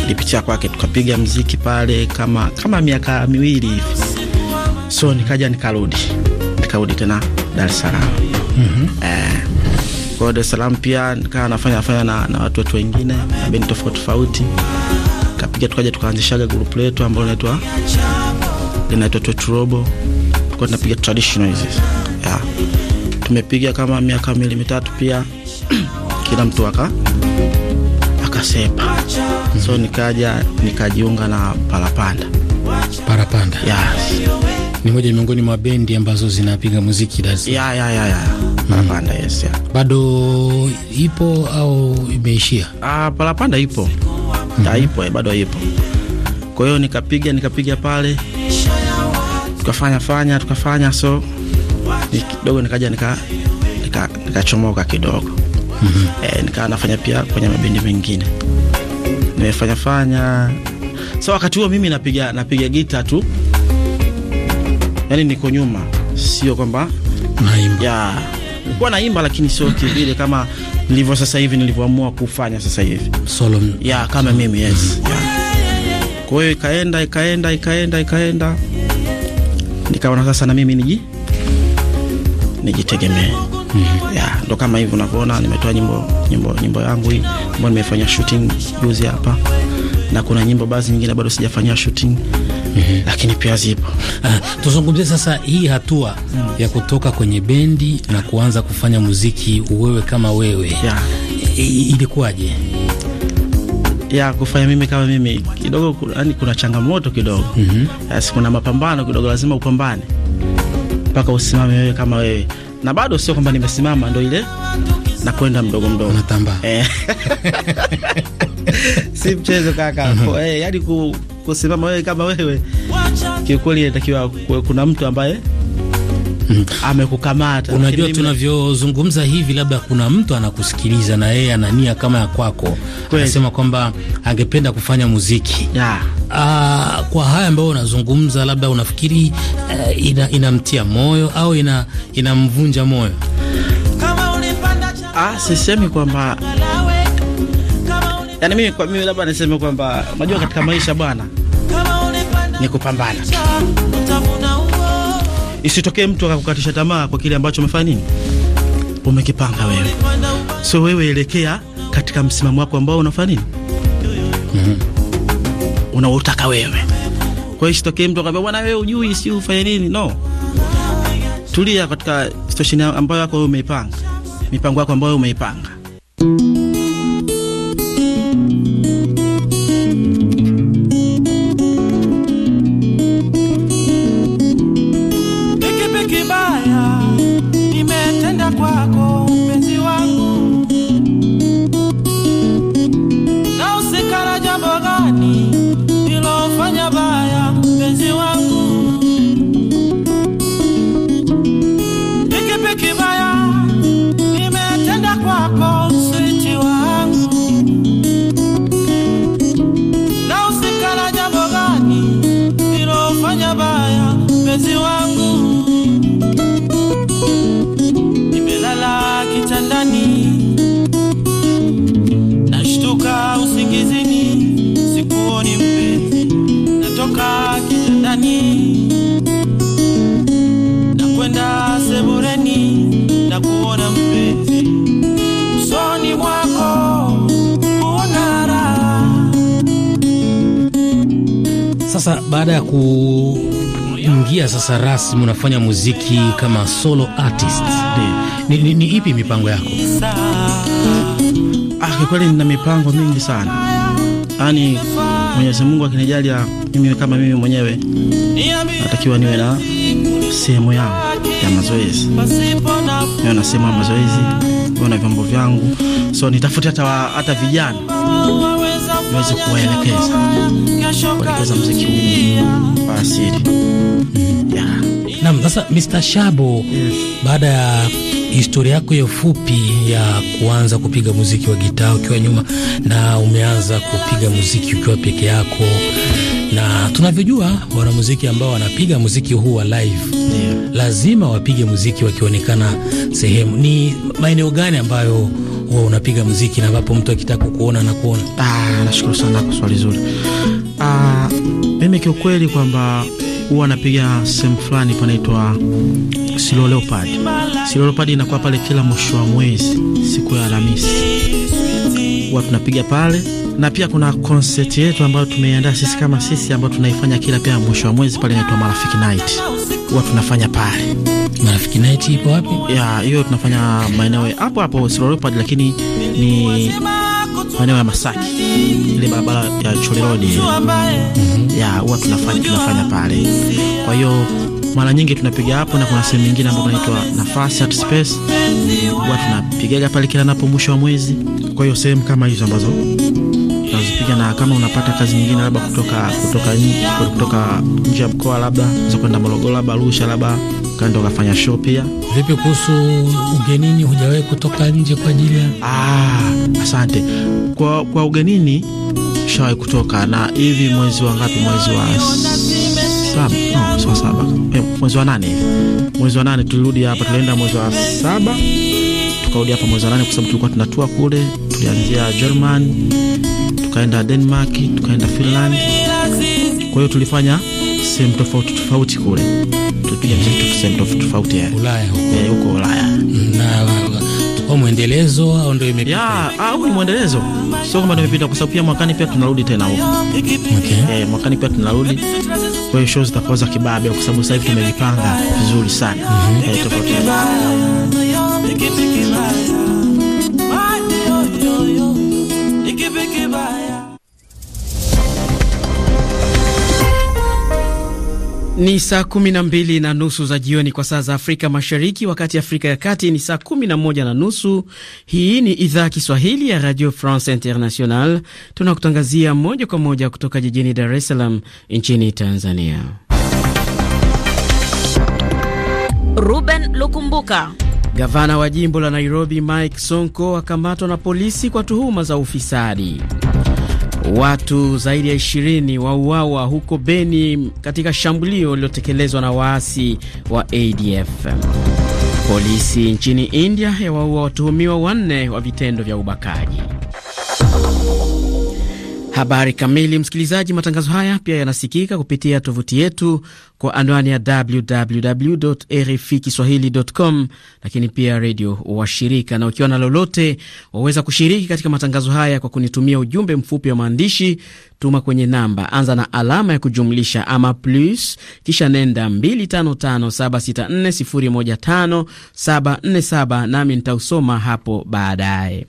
nilipitia kwake, tukapiga mziki pale kama kama miaka miwili hivi, so nikaja nikarudi nikarudi tena Dar es Salaam. mm -hmm. eh, kwa Dar es Salaam pia nikawa nafanya fanya na, na watu wetu wengine na bendi tofauti tofauti, kapiga tukaja tukaanzishaga grupu letu ambalo linaitwa linaitwa Twetwobo, tulikuwa tunapiga traditional hizi yeah. Tumepiga kama miaka miwili mitatu pia *clears throat* kila mtu aka akasepa mm -hmm. So mhm. nikaja nikajiunga na Parapanda. Parapanda yes. Ni moja miongoni mwa bendi ambazo zinapiga muziki Dar es Salaam. yeah, yeah, yeah, yeah. Parapanda yes, ya. bado ipo au imeishia? Ah, Parapanda ipo mm -hmm. Ipo eh, bado ipo. Kwa hiyo nikapiga nikapiga pale tukafanya fanya tukafanya, so kidogo nikaja nikachomoka nika, nika kidogo mm -hmm. E, nikaa nafanya pia kwenye mabendi mengine nimefanya fanya, so wakati huo mimi napiga napiga gita tu, yani niko nyuma, sio kwamba naimba yeah nilikuwa naimba, lakini sio kivile kama nilivyo sasa hivi, nilivyoamua kufanya sasa hivi solo ya kama mimi yes. Kwa hiyo ikaenda ikaenda ikaenda ikaenda, nikaona sasa na mimi niji nijitegemee. Mm -hmm. Ya, ndo kama hivi unavyoona nimetoa nyimbo nyimbo nyimbo yangu hii ambayo nimefanya shooting juzi hapa, na kuna nyimbo basi nyingine bado sijafanyia shooting -hmm. lakini pia zipo. Uh, tuzungumzie sasa hii hatua mm. ya kutoka kwenye bendi na kuanza kufanya muziki wewe kama wewe yeah. Ilikuwaje ya kufanya mimi kama mimi? Kidogo yani kuna changamoto kidogo mm -hmm. yes, kuna mapambano kidogo, lazima upambane mpaka usimame wewe kama wewe, na bado sio kwamba nimesimama ndo ile na kwenda mdogo mdogo natamba eh. *laughs* si mchezo kaka, mhm. eh, yani ku kusimama wewe kama wewe, kiukweli inatakiwa kuna mtu ambaye mm-hmm. amekukamata. Unajua, tunavyozungumza hivi, labda kuna mtu anakusikiliza na yeye ana nia kama ya kwako, anasema kwamba angependa kufanya muziki yeah. Aa, kwa haya ambayo unazungumza, labda unafikiri uh, ina, inamtia moyo au ina inamvunja moyo? Ah, sisemi kwamba, yani, mimi kwa mimi labda niseme kwamba unajua katika maisha bwana ni kupambana. Isitokee mtu akakukatisha tamaa kwa kile ambacho umefanya nini, umekipanga wewe. So wewe elekea katika msimamo wako ambao unafanya nini, mm -hmm. unaotaka wewe. Kwa hiyo isitokee mtu akakwambia bwana, wewe ujui, si ufanye nini. No, tulia katika situation ambayo yako wewe umeipanga, mipango yako ambayo umeipanga. mm -hmm. Alex, mnafanya muziki kama solo artist, ni, ni, ni ipi mipango yako? Ah, kwa kweli nina mipango mingi sana, yaani Mwenyezi Mungu akinijalia mimi kama mimi mwenyewe natakiwa niwe na sehemu yangu ya mazoezi, niwe na sehemu ya mazoezi, niwe na vyombo vyangu, so nitafute hata hata vijana niweze kuwaelekeza kuelekeza muziki huu wa asili sasa Mr. Shabo, yes. Baada ya historia yako hiyo fupi ya kuanza kupiga muziki wa gitaa ukiwa nyuma na umeanza kupiga muziki ukiwa peke yako, na tunavyojua wanamuziki ambao wanapiga muziki huu wa live yeah. lazima wapige muziki wakionekana sehemu. Ni maeneo gani ambayo huwa unapiga muziki na ambapo mtu akitaka kukuona na kuona? Ah, nashukuru sana kwa swali zuri. Ah, mimi kiukweli kwamba huwa anapiga sehemu fulani panaitwa Silo Leopard. Silo Leopard inakuwa pale kila mwisho wa mwezi siku ya Alhamisi, huwa tunapiga pale, na pia kuna konseti yetu ambayo tumeiandaa sisi kama sisi, ambayo tunaifanya kila pia mwisho wa mwezi pale, inaitwa Marafiki Night, huwa tunafanya pale. Marafiki Night ipo wapi? Ya, hiyo tunafanya maeneo hapo hapo Silo Leopard, lakini ni maeneo ya Masaki, ile barabara ya Choleroni ya huwa tunafanya tunafanya pale. Kwa hiyo mara nyingi tunapiga hapo, na kuna sehemu nyingine ambayo inaitwa nafasi at space, huwa tunapigaga pale kila napo mwisho wa mwezi. Kwa hiyo sehemu kama hizo ambazo tunazipiga, na kama unapata kazi nyingine labda kutoka kutoka nje ya mkoa, labda za kwenda Morogoro, labda Arusha, labda ukaenda ukafanya show pia. Vipi kuhusu ugenini, hujawahi kutoka nje kwa ajili ya? Ah, asante kwa, kwa ugenini shawahi kutoka na hivi mwezi wa ngapi? Mwezi wa saba, no, sio saba, E, mwezi wa nane mwezi wa nane tulirudi hapa, tulienda mwezi wa saba tukarudi hapa mwezi wa nane kwa sababu tulikuwa tunatua kule, tulianzia German tukaenda Denmark tukaenda Finland, kwa hiyo tulifanya sehemu tofauti tofauti kule kupiga miziki sehemu tofauti ya Ulaya huko eh, Ulaya mm, na kwa mwendelezo au ndio imepita? Ya, au ah, ni mwendelezo. Sio kama ndio imepita kwa sababu pia mwakani pia tunarudi tena huko. Okay. Eh, mwakani pia tunarudi. Kwa hiyo shows zitakuwa za kibabe kwa sababu sasa hivi tumejipanga vizuri sana. Mm -hmm. Eh, tofauti. Bye. Ni saa kumi na mbili na nusu za jioni kwa saa za Afrika Mashariki, wakati Afrika ya Kati ni saa kumi na moja na nusu. Hii ni idhaa Kiswahili ya Radio France International, tunakutangazia moja kwa moja kutoka jijini Dar es Salaam nchini Tanzania. Ruben Lukumbuka. Gavana wa jimbo la Nairobi Mike Sonko akamatwa na polisi kwa tuhuma za ufisadi. Watu zaidi ya ishirini wauawa huko Beni katika shambulio lililotekelezwa na waasi wa ADF. Polisi nchini India yawaua watuhumiwa wanne wa vitendo vya ubakaji. Habari kamili, msikilizaji. Matangazo haya pia yanasikika kupitia tovuti yetu kwa anwani ya www RFI kiswahilicom, lakini pia redio washirika. Na ukiwa na lolote, waweza kushiriki katika matangazo haya kwa kunitumia ujumbe mfupi wa maandishi. Tuma kwenye namba, anza na alama ya kujumlisha ama plus, kisha nenda 255764015747, nami nitausoma hapo baadaye.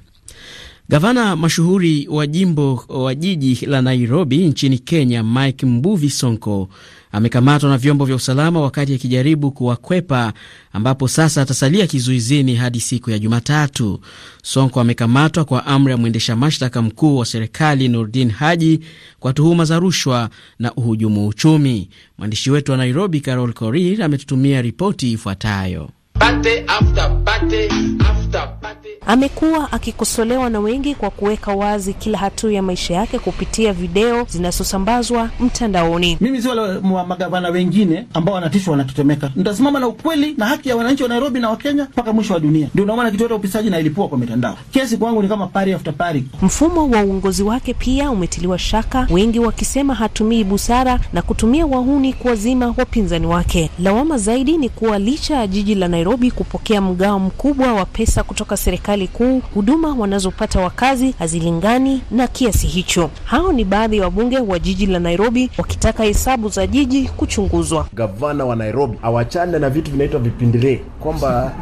Gavana mashuhuri wa jimbo wa jiji la Nairobi nchini Kenya, Mike Mbuvi Sonko amekamatwa na vyombo vya usalama wakati akijaribu kuwakwepa, ambapo sasa atasalia kizuizini hadi siku ya Jumatatu. Sonko amekamatwa kwa amri ya mwendesha mashtaka mkuu wa serikali Nurdin Haji kwa tuhuma za rushwa na uhujumu uchumi. Mwandishi wetu wa Nairobi Carol Korir ametutumia ripoti ifuatayo. Amekuwa akikosolewa na wengi kwa kuweka wazi kila hatua ya maisha yake kupitia video zinazosambazwa mtandaoni. Mimi si wale wa magavana wengine ambao wanatishwa wanatetemeka. Nitasimama na ukweli na haki ya wananchi wa Nairobi na Wakenya mpaka mwisho wa dunia. Ndio unaona kitu cha upisaji na ilipua kwa mitandao. Kesi kwangu ni kama pari after pari. Mfumo wa uongozi wake pia umetiliwa shaka, wengi wakisema hatumii busara na kutumia wahuni kuwazima wapinzani wake. Lawama zaidi ni kuwa licha ya jiji la Nairobi Nairobi kupokea mgao mkubwa wa pesa kutoka serikali kuu, huduma wanazopata wakazi hazilingani na kiasi hicho. Hao ni baadhi ya wabunge wa jiji la Nairobi wakitaka hesabu za jiji kuchunguzwa. Gavana wa Nairobi awachane na vitu vinaitwa vipindiree kwamba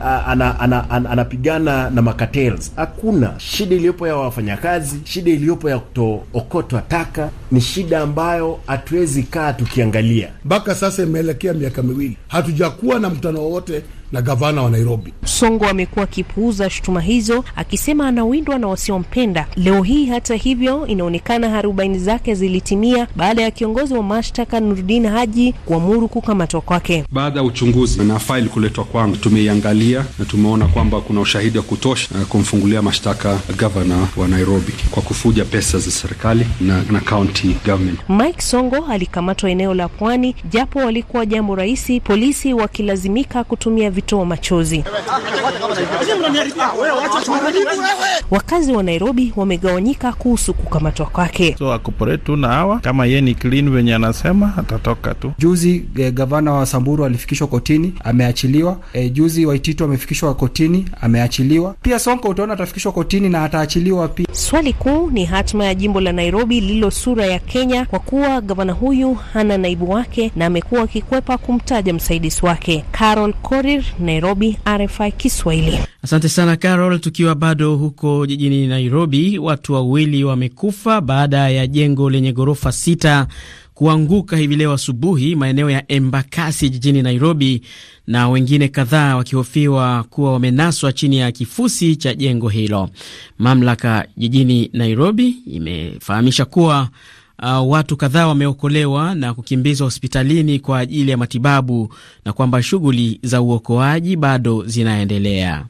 anapigana na makatels. Hakuna shida iliyopo ya wafanyakazi, shida iliyopo ya kutookotwa taka ni shida ambayo hatuwezi kaa tukiangalia. Mpaka sasa imeelekea miaka miwili hatujakuwa na mkutano wowote na gavana wa Nairobi. Songo amekuwa akipuuza shutuma hizo akisema anawindwa na wasiompenda. Leo hii hata hivyo, inaonekana harubaini zake zilitimia baada ya kiongozi wa mashtaka Nurdin Haji kuamuru kukamatwa kwake. Baada ya uchunguzi na faili kuletwa kwangu, tumeiangalia na tumeona kwamba kuna ushahidi wa kutosha eh, kumfungulia mashtaka gavana wa Nairobi kwa kufuja pesa za serikali na, na county government. Mike Songo alikamatwa eneo la pwani, japo walikuwa jambo rahisi, polisi wakilazimika kutumia vitoa machozi. Wakazi wa Nairobi wamegawanyika kuhusu kukamatwa kwake. So akopore tu na hawa kama yeye ni clean venye anasema atatoka tu. Juzi eh, gavana wa Samburu alifikishwa kotini ameachiliwa. Eh, juzi Waititu amefikishwa kotini ameachiliwa. Pia Sonko utaona atafikishwa kotini na ataachiliwa pia. Swali kuu ni hatima ya jimbo la Nairobi lililo sura ya Kenya kwa kuwa gavana huyu hana naibu wake na amekuwa akikwepa kumtaja msaidizi wake. Carol Korir, Nairobi, RFI Kiswahili. Asante sana Carol. Tukiwa bado huko jijini Nairobi, watu wawili wamekufa baada ya jengo lenye ghorofa sita kuanguka hivi leo asubuhi maeneo ya Embakasi jijini Nairobi, na wengine kadhaa wakihofiwa kuwa wamenaswa chini ya kifusi cha jengo hilo. Mamlaka jijini Nairobi imefahamisha kuwa uh, watu kadhaa wameokolewa na kukimbizwa hospitalini kwa ajili ya matibabu na kwamba shughuli za uokoaji bado zinaendelea.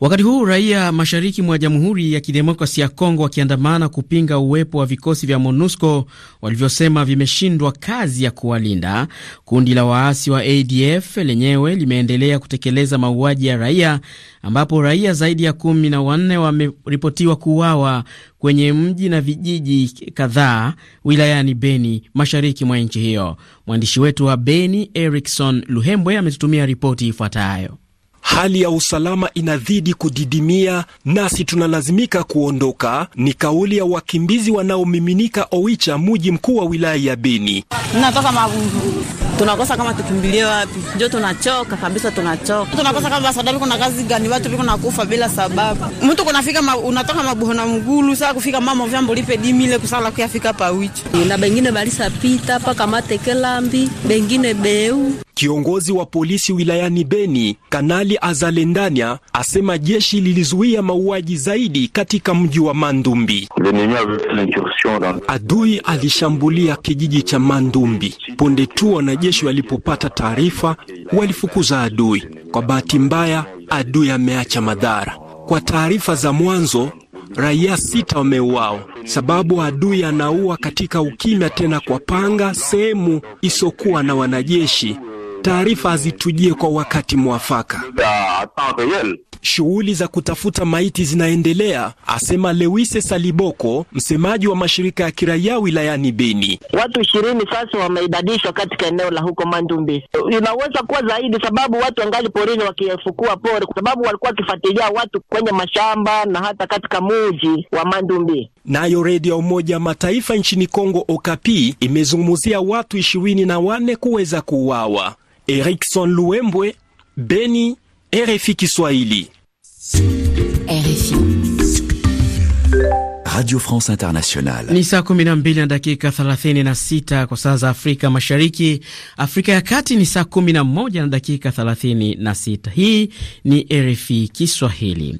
Wakati huu raia mashariki mwa Jamhuri ya Kidemokrasi ya Kongo wakiandamana kupinga uwepo wa vikosi vya MONUSCO walivyosema vimeshindwa kazi ya kuwalinda. Kundi la waasi wa ADF lenyewe limeendelea kutekeleza mauaji ya raia, ambapo raia zaidi ya kumi na wanne wameripotiwa kuuawa kwenye mji na vijiji kadhaa wilayani Beni, mashariki mwa nchi hiyo. Mwandishi wetu wa Beni, Erikson Luhembwe, ametutumia ripoti ifuatayo hali ya usalama inazidi kudidimia, nasi tunalazimika kuondoka, ni kauli ya wakimbizi wanaomiminika Oicha, muji mkuu wa wilaya ya Beni. Tunatoka Mavuvu, tunakosa kama tukimbilie wapi, njo tunachoka kabisa, tunachoka, tunakosa kama sababu. Kuna kazi gani? Watu viko nakufa bila sababu. Mtu kunafika ma, unatoka mabuho na mgulu saa kufika mama vyambo lipe dimi ile kusala kuyafika pawicha, na bengine balisa pita paka matekelambi, bengine beu Kiongozi wa polisi wilayani Beni, Kanali Azalendania, asema jeshi lilizuia mauaji zaidi katika mji wa Mandumbi. Adui alishambulia kijiji cha Mandumbi. Punde tu wanajeshi walipopata taarifa, walifukuza adui. Kwa bahati mbaya, adui ameacha madhara. Kwa taarifa za mwanzo raia sita wameuawa, sababu adui anaua katika ukimya, tena kwa panga, sehemu isokuwa na wanajeshi taarifa hazitujie kwa wakati mwafaka. Shughuli za kutafuta maiti zinaendelea, asema Lewise Saliboko, msemaji wa mashirika ya kiraia wilayani Beni. Watu ishirini sasa wameidadishwa katika eneo la huko Mandumbi. Inaweza kuwa zaidi, sababu watu wangali porini wakifukua pori, kwa sababu walikuwa wakifuatilia watu kwenye mashamba na hata katika muji wa Mandumbi. Nayo redio ya Umoja wa Mataifa nchini Kongo, Okapi, imezungumzia watu ishirini na wanne kuweza kuuawa. Erikson Luembwe, Beni, RFI Kiswahili. RFI. Radio France Internationale. Ni saa 12 na dakika 36 kwa saa za Afrika Mashariki. Afrika ya Kati ni saa 11 na dakika 36. Hii ni RFI Kiswahili.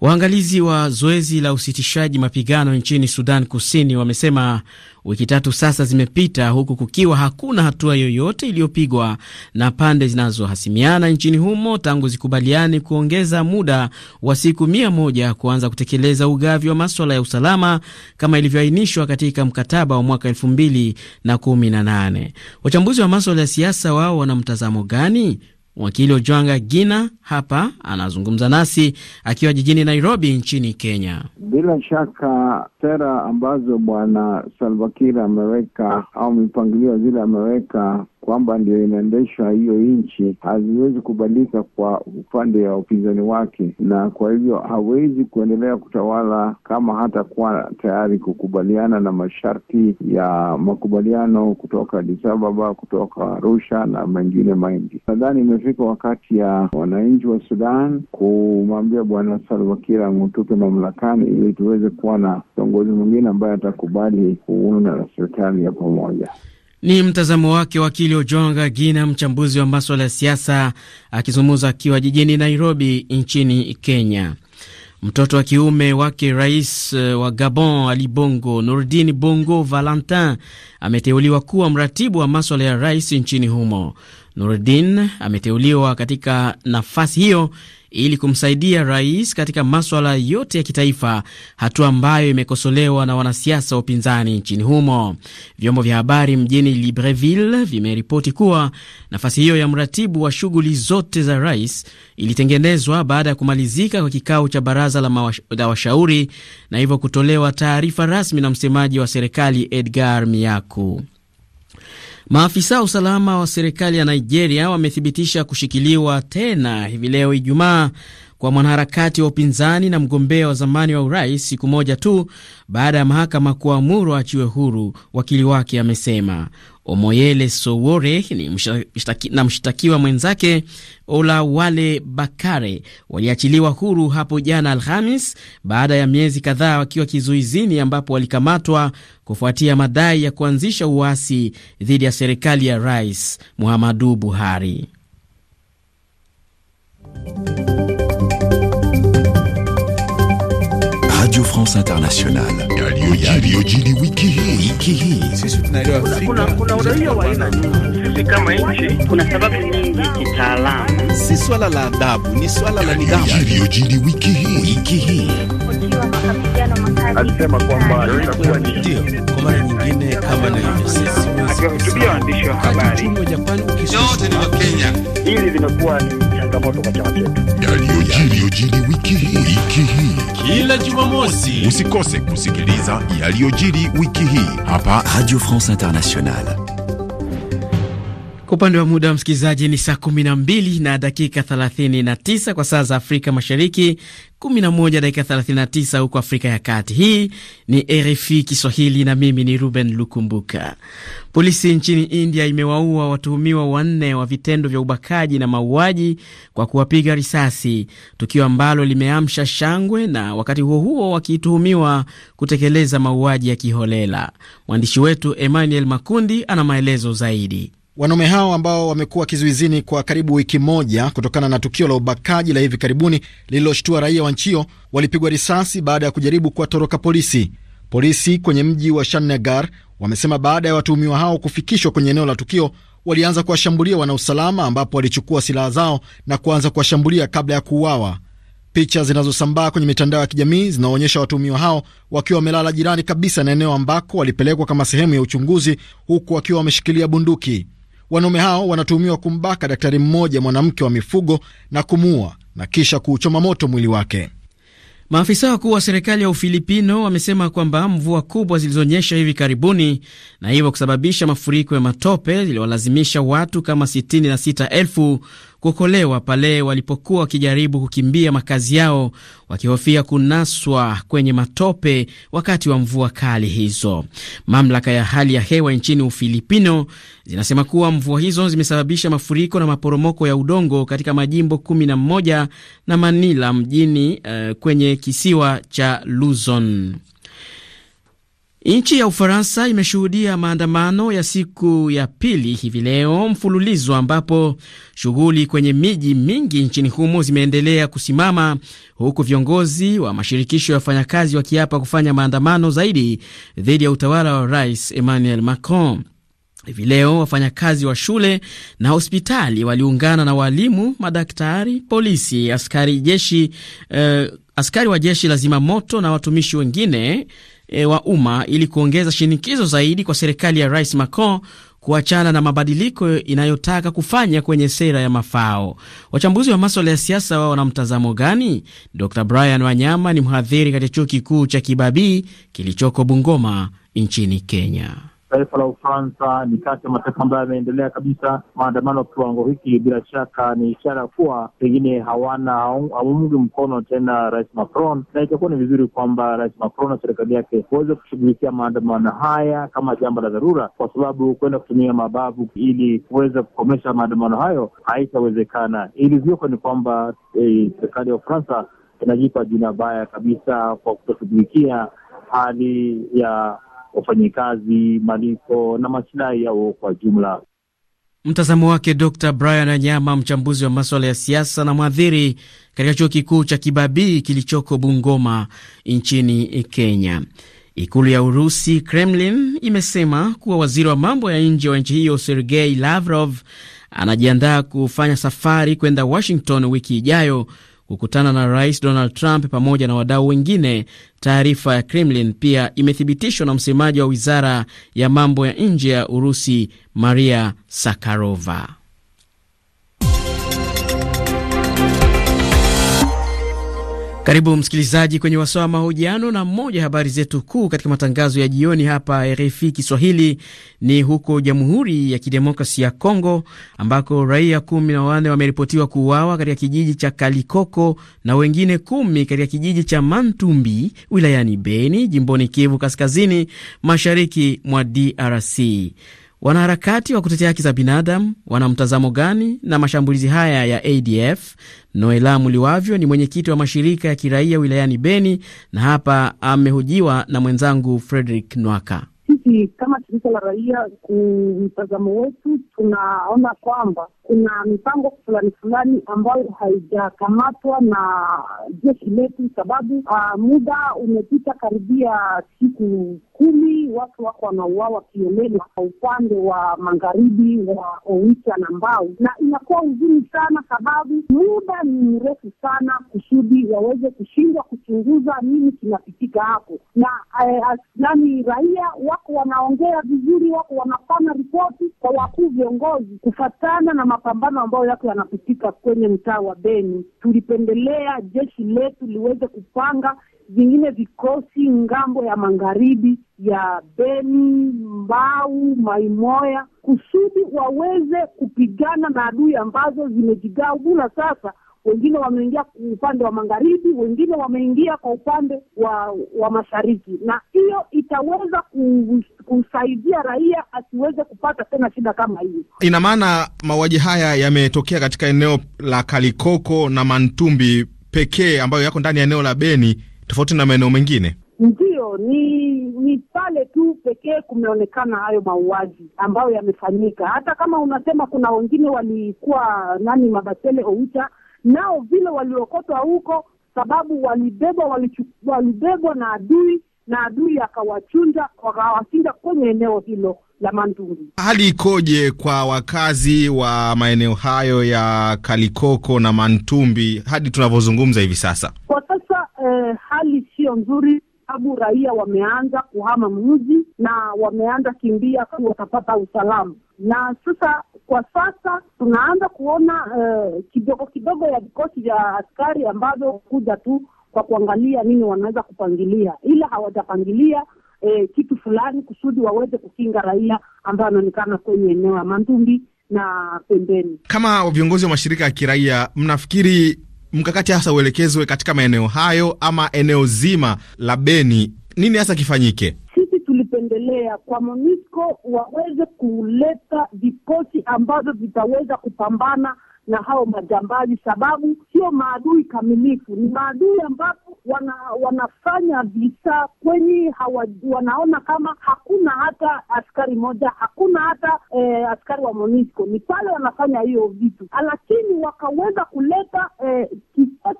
Waangalizi wa zoezi la usitishaji mapigano nchini Sudan Kusini wamesema Wiki tatu sasa zimepita huku kukiwa hakuna hatua yoyote iliyopigwa na pande zinazohasimiana nchini humo tangu zikubaliani kuongeza muda wa siku mia moja kuanza kutekeleza ugavi wa maswala ya usalama kama ilivyoainishwa katika mkataba wa mwaka elfu mbili na kumi na nane. Wachambuzi wa maswala ya siasa wao wana mtazamo gani? Wakili Ojwanga Gina hapa anazungumza nasi akiwa jijini Nairobi nchini Kenya. Bila shaka sera ambazo bwana Salva Kiir ameweka au mipangilio zile ameweka kwamba ndio inaendeshwa hiyo nchi, haziwezi kubadilika kwa upande wa upinzani wake, na kwa hivyo hawezi kuendelea kutawala kama hatakuwa tayari kukubaliana na masharti ya makubaliano kutoka Addis Ababa, kutoka Arusha na mengine mengi. Nadhani imefika wakati ya wananchi wa Sudan kumwambia Bwana Salva Kiir ang'utuke mamlakani, ili tuweze kuwa na kiongozi mwingine ambaye atakubali kuunda na serikali ya pamoja. Ni mtazamo wake wakili Ojonga Gina, mchambuzi wa maswala ya siasa, akizungumza akiwa jijini Nairobi nchini Kenya. Mtoto wa kiume wake rais eh, wa Gabon Ali Bongo, Nordin Bongo Valentin, ameteuliwa kuwa mratibu wa maswala ya rais nchini humo. Nordin ameteuliwa katika nafasi hiyo ili kumsaidia rais katika maswala yote ya kitaifa, hatua ambayo imekosolewa na wanasiasa wa upinzani nchini humo. Vyombo vya habari mjini Libreville vimeripoti kuwa nafasi hiyo ya mratibu wa shughuli zote za rais ilitengenezwa baada ya kumalizika kwa kikao cha baraza la washauri na hivyo kutolewa taarifa rasmi na msemaji wa serikali Edgar miaku Maafisa wa usalama wa serikali ya Nigeria wamethibitisha kushikiliwa tena hivi leo Ijumaa kwa mwanaharakati wa upinzani na mgombea wa zamani wa urais siku moja tu baada ya mahakama kuamuru achiwe huru, wakili wake amesema. Omoyele Sowore na mshtakiwa mwenzake Olawale Bakare waliachiliwa huru hapo jana Alhamis baada ya miezi kadhaa wakiwa kizuizini, ambapo walikamatwa kufuatia madai ya kuanzisha uasi dhidi ya serikali ya Rais Muhammadu Buhari. Radio France Internationale yaliyojiri yojiri wiki hii wiki hii. Sisi tunaelewa kuna kuna uraia wa aina Sisi kama nchi kuna sababu nyingi kitaalamu, si swala la adabu, ni swala la nidhamu. Yaliyojiri wiki hii wiki hii alisema kwamba itakuwa ni ndio kwa mara nyingine, kama nayohutubia waandishi wa habari, yote ni Wakenya. Hili limekuwa ni changamoto kwa chama chetu. Yaliyojiri wiki hii wiki hii kila Jumamosi, usikose kusikiliza yaliyojiri wiki hii hapa Radio France Internationale. Kwa upande wa muda wa msikilizaji ni saa 12 na dakika 39 kwa saa za Afrika Mashariki, 11 dakika tisa huko Afrika ya Kati. Hii ni RFI Kiswahili na mimi ni Ruben Lukumbuka. Polisi nchini India imewaua watuhumiwa wanne wa vitendo vya ubakaji na mauaji kwa kuwapiga risasi, tukio ambalo limeamsha shangwe na wakati huo huo wakituhumiwa kutekeleza mauaji ya kiholela. Mwandishi wetu Emmanuel Makundi ana maelezo zaidi. Wanaume hao ambao wamekuwa kizuizini kwa karibu wiki moja kutokana na tukio la ubakaji la hivi karibuni lililoshtua raia wa nchi hiyo walipigwa risasi baada ya kujaribu kuwatoroka polisi. Polisi kwenye mji wa Srinagar wamesema baada ya watuhumiwa hao kufikishwa kwenye eneo la tukio walianza kuwashambulia wanausalama, ambapo walichukua silaha zao na kuanza kuwashambulia kabla ya kuuawa. Picha zinazosambaa kwenye mitandao ya kijamii zinaonyesha watuhumiwa hao wakiwa wamelala jirani kabisa na eneo ambako walipelekwa kama sehemu ya uchunguzi, huku wakiwa wameshikilia bunduki. Wanaume hao wanatuhumiwa kumbaka daktari mmoja mwanamke wa mifugo na kumuua na kisha kuuchoma moto mwili wake. Maafisa wakuu wa serikali ya Ufilipino wamesema kwamba mvua kubwa zilizonyesha hivi karibuni na hivyo kusababisha mafuriko ya matope ziliwalazimisha watu kama 66 elfu kuokolewa pale walipokuwa wakijaribu kukimbia makazi yao wakihofia kunaswa kwenye matope wakati wa mvua kali hizo. Mamlaka ya hali ya hewa nchini Ufilipino zinasema kuwa mvua hizo zimesababisha mafuriko na maporomoko ya udongo katika majimbo 11 na Manila mjini uh, kwenye kisiwa cha Luzon. Nchi ya Ufaransa imeshuhudia maandamano ya siku ya pili hivi leo mfululizo, ambapo shughuli kwenye miji mingi nchini humo zimeendelea kusimama, huku viongozi wa mashirikisho ya wafanyakazi wakiapa kufanya maandamano zaidi dhidi ya utawala wa Rais Emmanuel Macron. Hivi leo wafanyakazi wa shule na hospitali waliungana na walimu, madaktari, polisi, askari jeshi, eh, askari wa jeshi la zimamoto na watumishi wengine e, wa umma ili kuongeza shinikizo zaidi kwa serikali ya Rais Macron kuachana na mabadiliko inayotaka kufanya kwenye sera ya mafao. Wachambuzi wa maswala ya siasa wao wana mtazamo gani? Dr Brian Wanyama ni mhadhiri katika chuo kikuu cha Kibabii kilichoko Bungoma nchini Kenya taifa la Ufaransa ni kati ya mataifa ambayo yameendelea kabisa. Maandamano ya kiwango hiki bila shaka ni ishara kuwa pengine hawana hawamungi mkono tena Rais Macron, na itakuwa ni vizuri kwamba Rais Macron na serikali yake waweze kushughulikia maandamano haya kama jambo la dharura, kwa sababu kuenda kutumia mabavu ili kuweza kukomesha maandamano hayo haitawezekana. Ilivyoko ni kwamba eh, serikali ya Ufaransa inajipa jina baya kabisa kwa kutoshughulikia hali ya wafanyikazi, malipo na masilahi yao kwa jumla. Mtazamo wake Dr Brian Anyama, mchambuzi wa maswala ya siasa na mwadhiri katika chuo kikuu cha Kibabii kilichoko Bungoma nchini Kenya. Ikulu ya Urusi, Kremlin, imesema kuwa waziri wa mambo ya nje wa nchi hiyo Sergei Lavrov anajiandaa kufanya safari kwenda Washington wiki ijayo kukutana na Rais Donald Trump pamoja na wadau wengine. Taarifa ya Kremlin pia imethibitishwa na msemaji wa wizara ya mambo ya nje ya Urusi, Maria Sakarova. Karibu msikilizaji kwenye wasaa mahojiano, na mmoja habari zetu kuu katika matangazo ya jioni hapa RFI Kiswahili ni huko Jamhuri ya Kidemokrasi ya congo ambako raia kumi na wanne wameripotiwa kuuawa katika kijiji cha Kalikoko na wengine kumi katika kijiji cha Mantumbi wilayani Beni, jimboni Kivu Kaskazini, mashariki mwa DRC. Wanaharakati wa kutetea haki za binadamu wana mtazamo gani na mashambulizi haya ya ADF? Noela Muliwavyo ni mwenyekiti wa mashirika ya kiraia wilayani Beni na hapa amehojiwa na mwenzangu Frederick Nwaka sisi kama shirika la raia, mtazamo wetu tunaona kwamba kuna mipango fulani fulani ambayo haijakamatwa na jeshi letu, sababu uh, muda umepita karibia siku kumi, watu wako wanauawa kiolela kwa upande wa magharibi wa Owicha na Mbau, na inakuwa huzuni sana, sababu muda ni mrefu sana kusudi waweze kushindwa kuchunguza nini kinapitika hapo, na yaani raia wako wako wanaongea vizuri, wako wanafanya ripoti kwa wakuu viongozi, kufatana na mapambano ambayo yako yanapitika kwenye mtaa wa Beni. Tulipendelea jeshi letu liweze kupanga vingine vikosi ngambo ya magharibi ya Beni, Mbau, Maimoya kusudi waweze kupigana na adui ambazo zimejigabula sasa wengine wameingia upande wa magharibi, wengine wameingia kwa upande wa wa mashariki, na hiyo itaweza kusaidia raia asiweze kupata tena shida kama hiyo. Ina maana mauaji haya yametokea katika eneo la Kalikoko na Mantumbi pekee ambayo yako ndani ya eneo la Beni, tofauti na maeneo mengine. Ndiyo, ni ni pale tu pekee kumeonekana hayo mauaji ambayo yamefanyika. Hata kama unasema kuna wengine walikuwa nani, Mabasele Oucha nao vile waliokotwa huko, sababu walibebwa, walibebwa na adui na adui akawachunja wakawachinja kwenye eneo hilo la Mandungu. Hali ikoje kwa wakazi wa maeneo hayo ya Kalikoko na Mantumbi hadi tunavyozungumza hivi sasa? Kwa sasa eh, hali siyo nzuri sababu raia wameanza kuhama mji na wameanza kimbia kama watapata usalama. Na sasa kwa sasa tunaanza kuona uh, kidogo kidogo ya vikosi vya askari ambavyo kuja tu kwa kuangalia nini wanaweza kupangilia, ila hawajapangilia eh, kitu fulani kusudi waweze kukinga raia ambayo anaonekana kwenye eneo ya Mandumbi na pembeni. Kama viongozi wa mashirika ya kiraia, mnafikiri mkakati hasa uelekezwe katika maeneo hayo ama eneo zima la Beni? Nini hasa kifanyike? sisi Tulipendelea kwa MONUSCO waweze kuleta vikosi ambavyo vitaweza kupambana na hao majambazi, sababu sio maadui kamilifu, ni maadui ambapo wana, wanafanya visa kwenye hawa, wanaona kama hakuna hata askari moja, hakuna hata eh, askari wa MONUSCO ni pale wanafanya hiyo vitu, lakini wakaweza kuleta eh,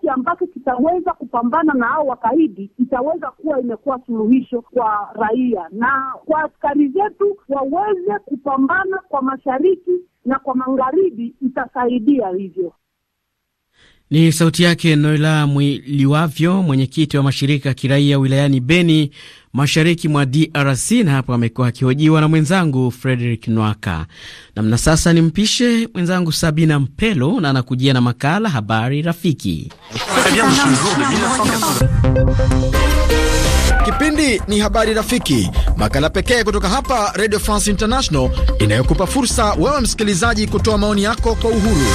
ambacho kitaweza kupambana na hao wakaidi, itaweza kuwa imekuwa suluhisho kwa raia na kwa askari zetu waweze kupambana kwa mashariki na kwa magharibi itasaidia hivyo. Ni sauti yake Noela Mwiliwavyo, mwenyekiti wa mashirika ya kiraia wilayani Beni, mashariki mwa DRC, na hapo amekuwa akihojiwa na mwenzangu Frederick Nwaka. Namna sasa ni mpishe mwenzangu Sabina Mpelo, na anakujia na makala Habari Rafiki. Kipindi ni Habari Rafiki, makala pekee kutoka hapa Radio France International inayokupa fursa wewe msikilizaji kutoa maoni yako kwa uhuru.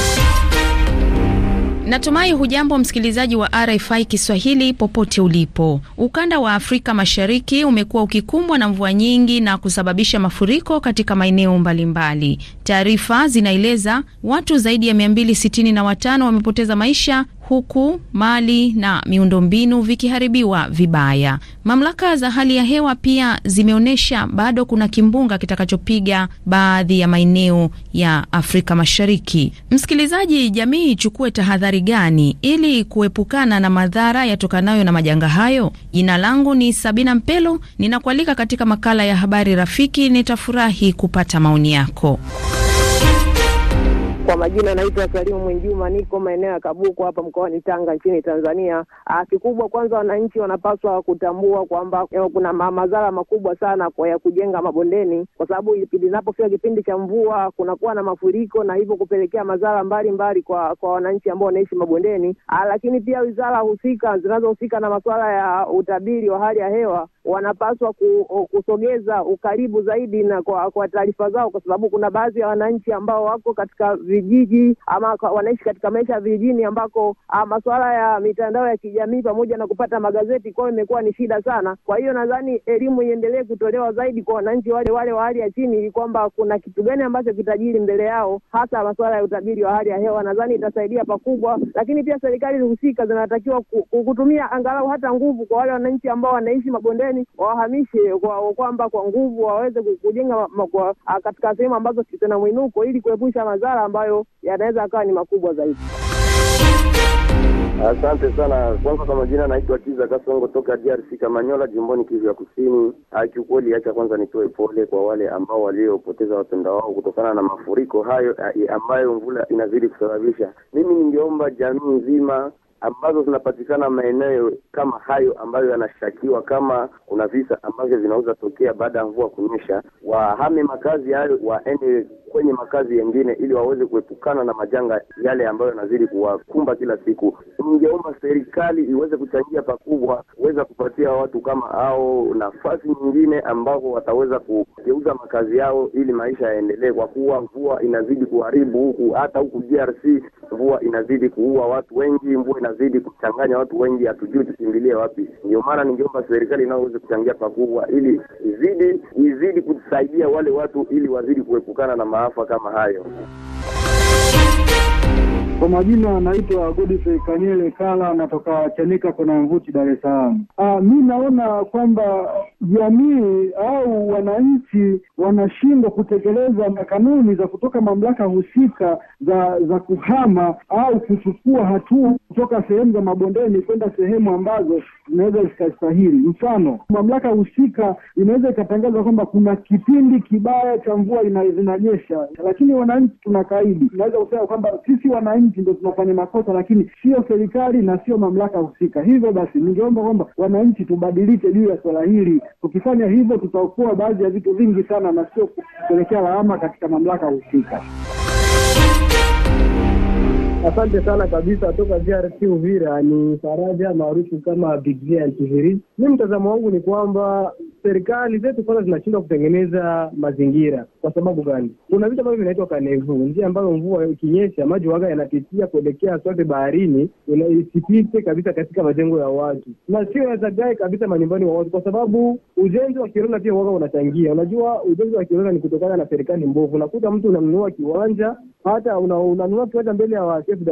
Natumai hujambo msikilizaji wa RFI Kiswahili popote ulipo. Ukanda wa Afrika Mashariki umekuwa ukikumbwa na mvua nyingi na kusababisha mafuriko katika maeneo mbalimbali. Taarifa zinaeleza watu zaidi ya 265 wamepoteza maisha huku mali na miundombinu vikiharibiwa vibaya. Mamlaka za hali ya hewa pia zimeonyesha bado kuna kimbunga kitakachopiga baadhi ya maeneo ya Afrika Mashariki. Msikilizaji, jamii ichukue tahadhari gani ili kuepukana na madhara yatokanayo na majanga hayo? Jina langu ni Sabina Mpelo, ninakualika katika makala ya habari rafiki. Nitafurahi kupata maoni yako. Kwa majina naitwa Salimu Mwenjuma, niko maeneo ya Kabuko hapa mkoani Tanga nchini Tanzania. Aa, ah, kikubwa kwanza, wananchi wanapaswa kutambua kwamba eh, kuna madhara makubwa sana kwa ya kujenga mabondeni, kwa sababu linapofika kipindi cha mvua kunakuwa na mafuriko na hivyo kupelekea madhara mbalimbali kwa kwa wananchi ambao wanaishi mabondeni. Aa, ah, lakini pia wizara husika zinazohusika na masuala ya utabiri wa hali ya hewa wanapaswa ku, oh, kusogeza ukaribu zaidi na kwa, kwa taarifa zao, kwa sababu kuna baadhi ya wananchi ambao wako katika vi vijiji ama wanaishi katika maisha ya vijijini ambako ah, masuala ya mitandao ya kijamii pamoja na kupata magazeti kwao imekuwa ni shida sana. Kwa hiyo nadhani elimu iendelee kutolewa zaidi kwa wananchi wale wale wa hali ya chini, ili kwamba kuna kitu gani ambacho kitajiri mbele yao, hasa masuala ya utabiri wa hali ya hewa. Nadhani itasaidia pakubwa, lakini pia serikali husika zinatakiwa kutumia angalau hata nguvu kwa wale wananchi ambao wanaishi mabondeni, wawahamishe kwamba kwa nguvu waweze kujenga ah, katika sehemu ambazo zina mwinuko ili kuepusha madhara ambayo ambayo yanaweza akawa ni makubwa zaidi. Asante sana. Kwanza kwa majina anaitwa Kiza Kasongo toka DRC Kamanyola, jimboni Kivu ya Kusini. Kiukweli, acha kwanza nitoe pole kwa wale ambao waliopoteza watenda wao kutokana na mafuriko hayo ambayo mvula inazidi kusababisha. Mimi ningeomba jamii nzima ambazo zinapatikana maeneo kama hayo ambayo yanashtakiwa kama kuna visa ambavyo vinaweza tokea baada ya mvua kunyesha, wahame makazi hayo waende kwenye makazi yengine, ili waweze kuepukana na majanga yale ambayo yanazidi kuwakumba kila siku. Ningeomba serikali iweze kuchangia pakubwa, kuweza kupatia watu kama hao nafasi nyingine ambapo wataweza kugeuza makazi yao ili maisha yaendelee, kwa kuwa mvua inazidi kuharibu huku, hata huku DRC mvua inazidi kuua watu wengi, mvua inazidi kuchanganya watu wengi, hatujui tukimbilie wapi. Ndio maana ningeomba serikali nao iweze kuchangia pakubwa, ili izidi izidi kusaidia wale watu, ili wazidi kuepukana na maafa kama hayo. Kwa majina anaitwa Godfrey Kanyele Kala, natoka Chanika kuna mvuti Dar es Salaam. Ah, mi naona kwamba jamii au wananchi wanashindwa kutekeleza kanuni za kutoka mamlaka husika za za kuhama au kuchukua hatua kutoka sehemu za mabondeni kwenda sehemu ambazo zinaweza zikastahili. Mfano, mamlaka husika inaweza ikatangaza kwamba kuna kipindi kibaya cha mvua zinanyesha, lakini wananchi tunakaidi. Inaweza kusema kwamba sisi wananchi wananchi ndio tunafanya makosa, lakini sio serikali na sio mamlaka husika. Hivyo basi, ningeomba kwamba wananchi tubadilike juu ya swala hili. Tukifanya hivyo, tutaokoa baadhi ya vitu vingi sana na sio kupelekea lawama katika mamlaka husika. Asante sana kabisa. Toka DRC Uvira ni Faraja maarufu kama Big Mi mtazamo wangu ni kwamba serikali zetu kwanza zinashindwa kutengeneza mazingira kwa sababu gani? Kuna vitu ambavyo vinaitwa kanevu, njia ambayo mvua ikinyesha maji waga yanapitia kuelekea sote baharini, isipite kabisa katika majengo ya watu na sio yazagae kabisa manyumbani wa watu, kwa sababu ujenzi wa kirona pia waga unachangia. Unajua, ujenzi wa kirona ni kutokana na serikali mbovu. Unakuta mtu unanunua kiwanja, hata unanunua una kiwanja mbele ya wa daveni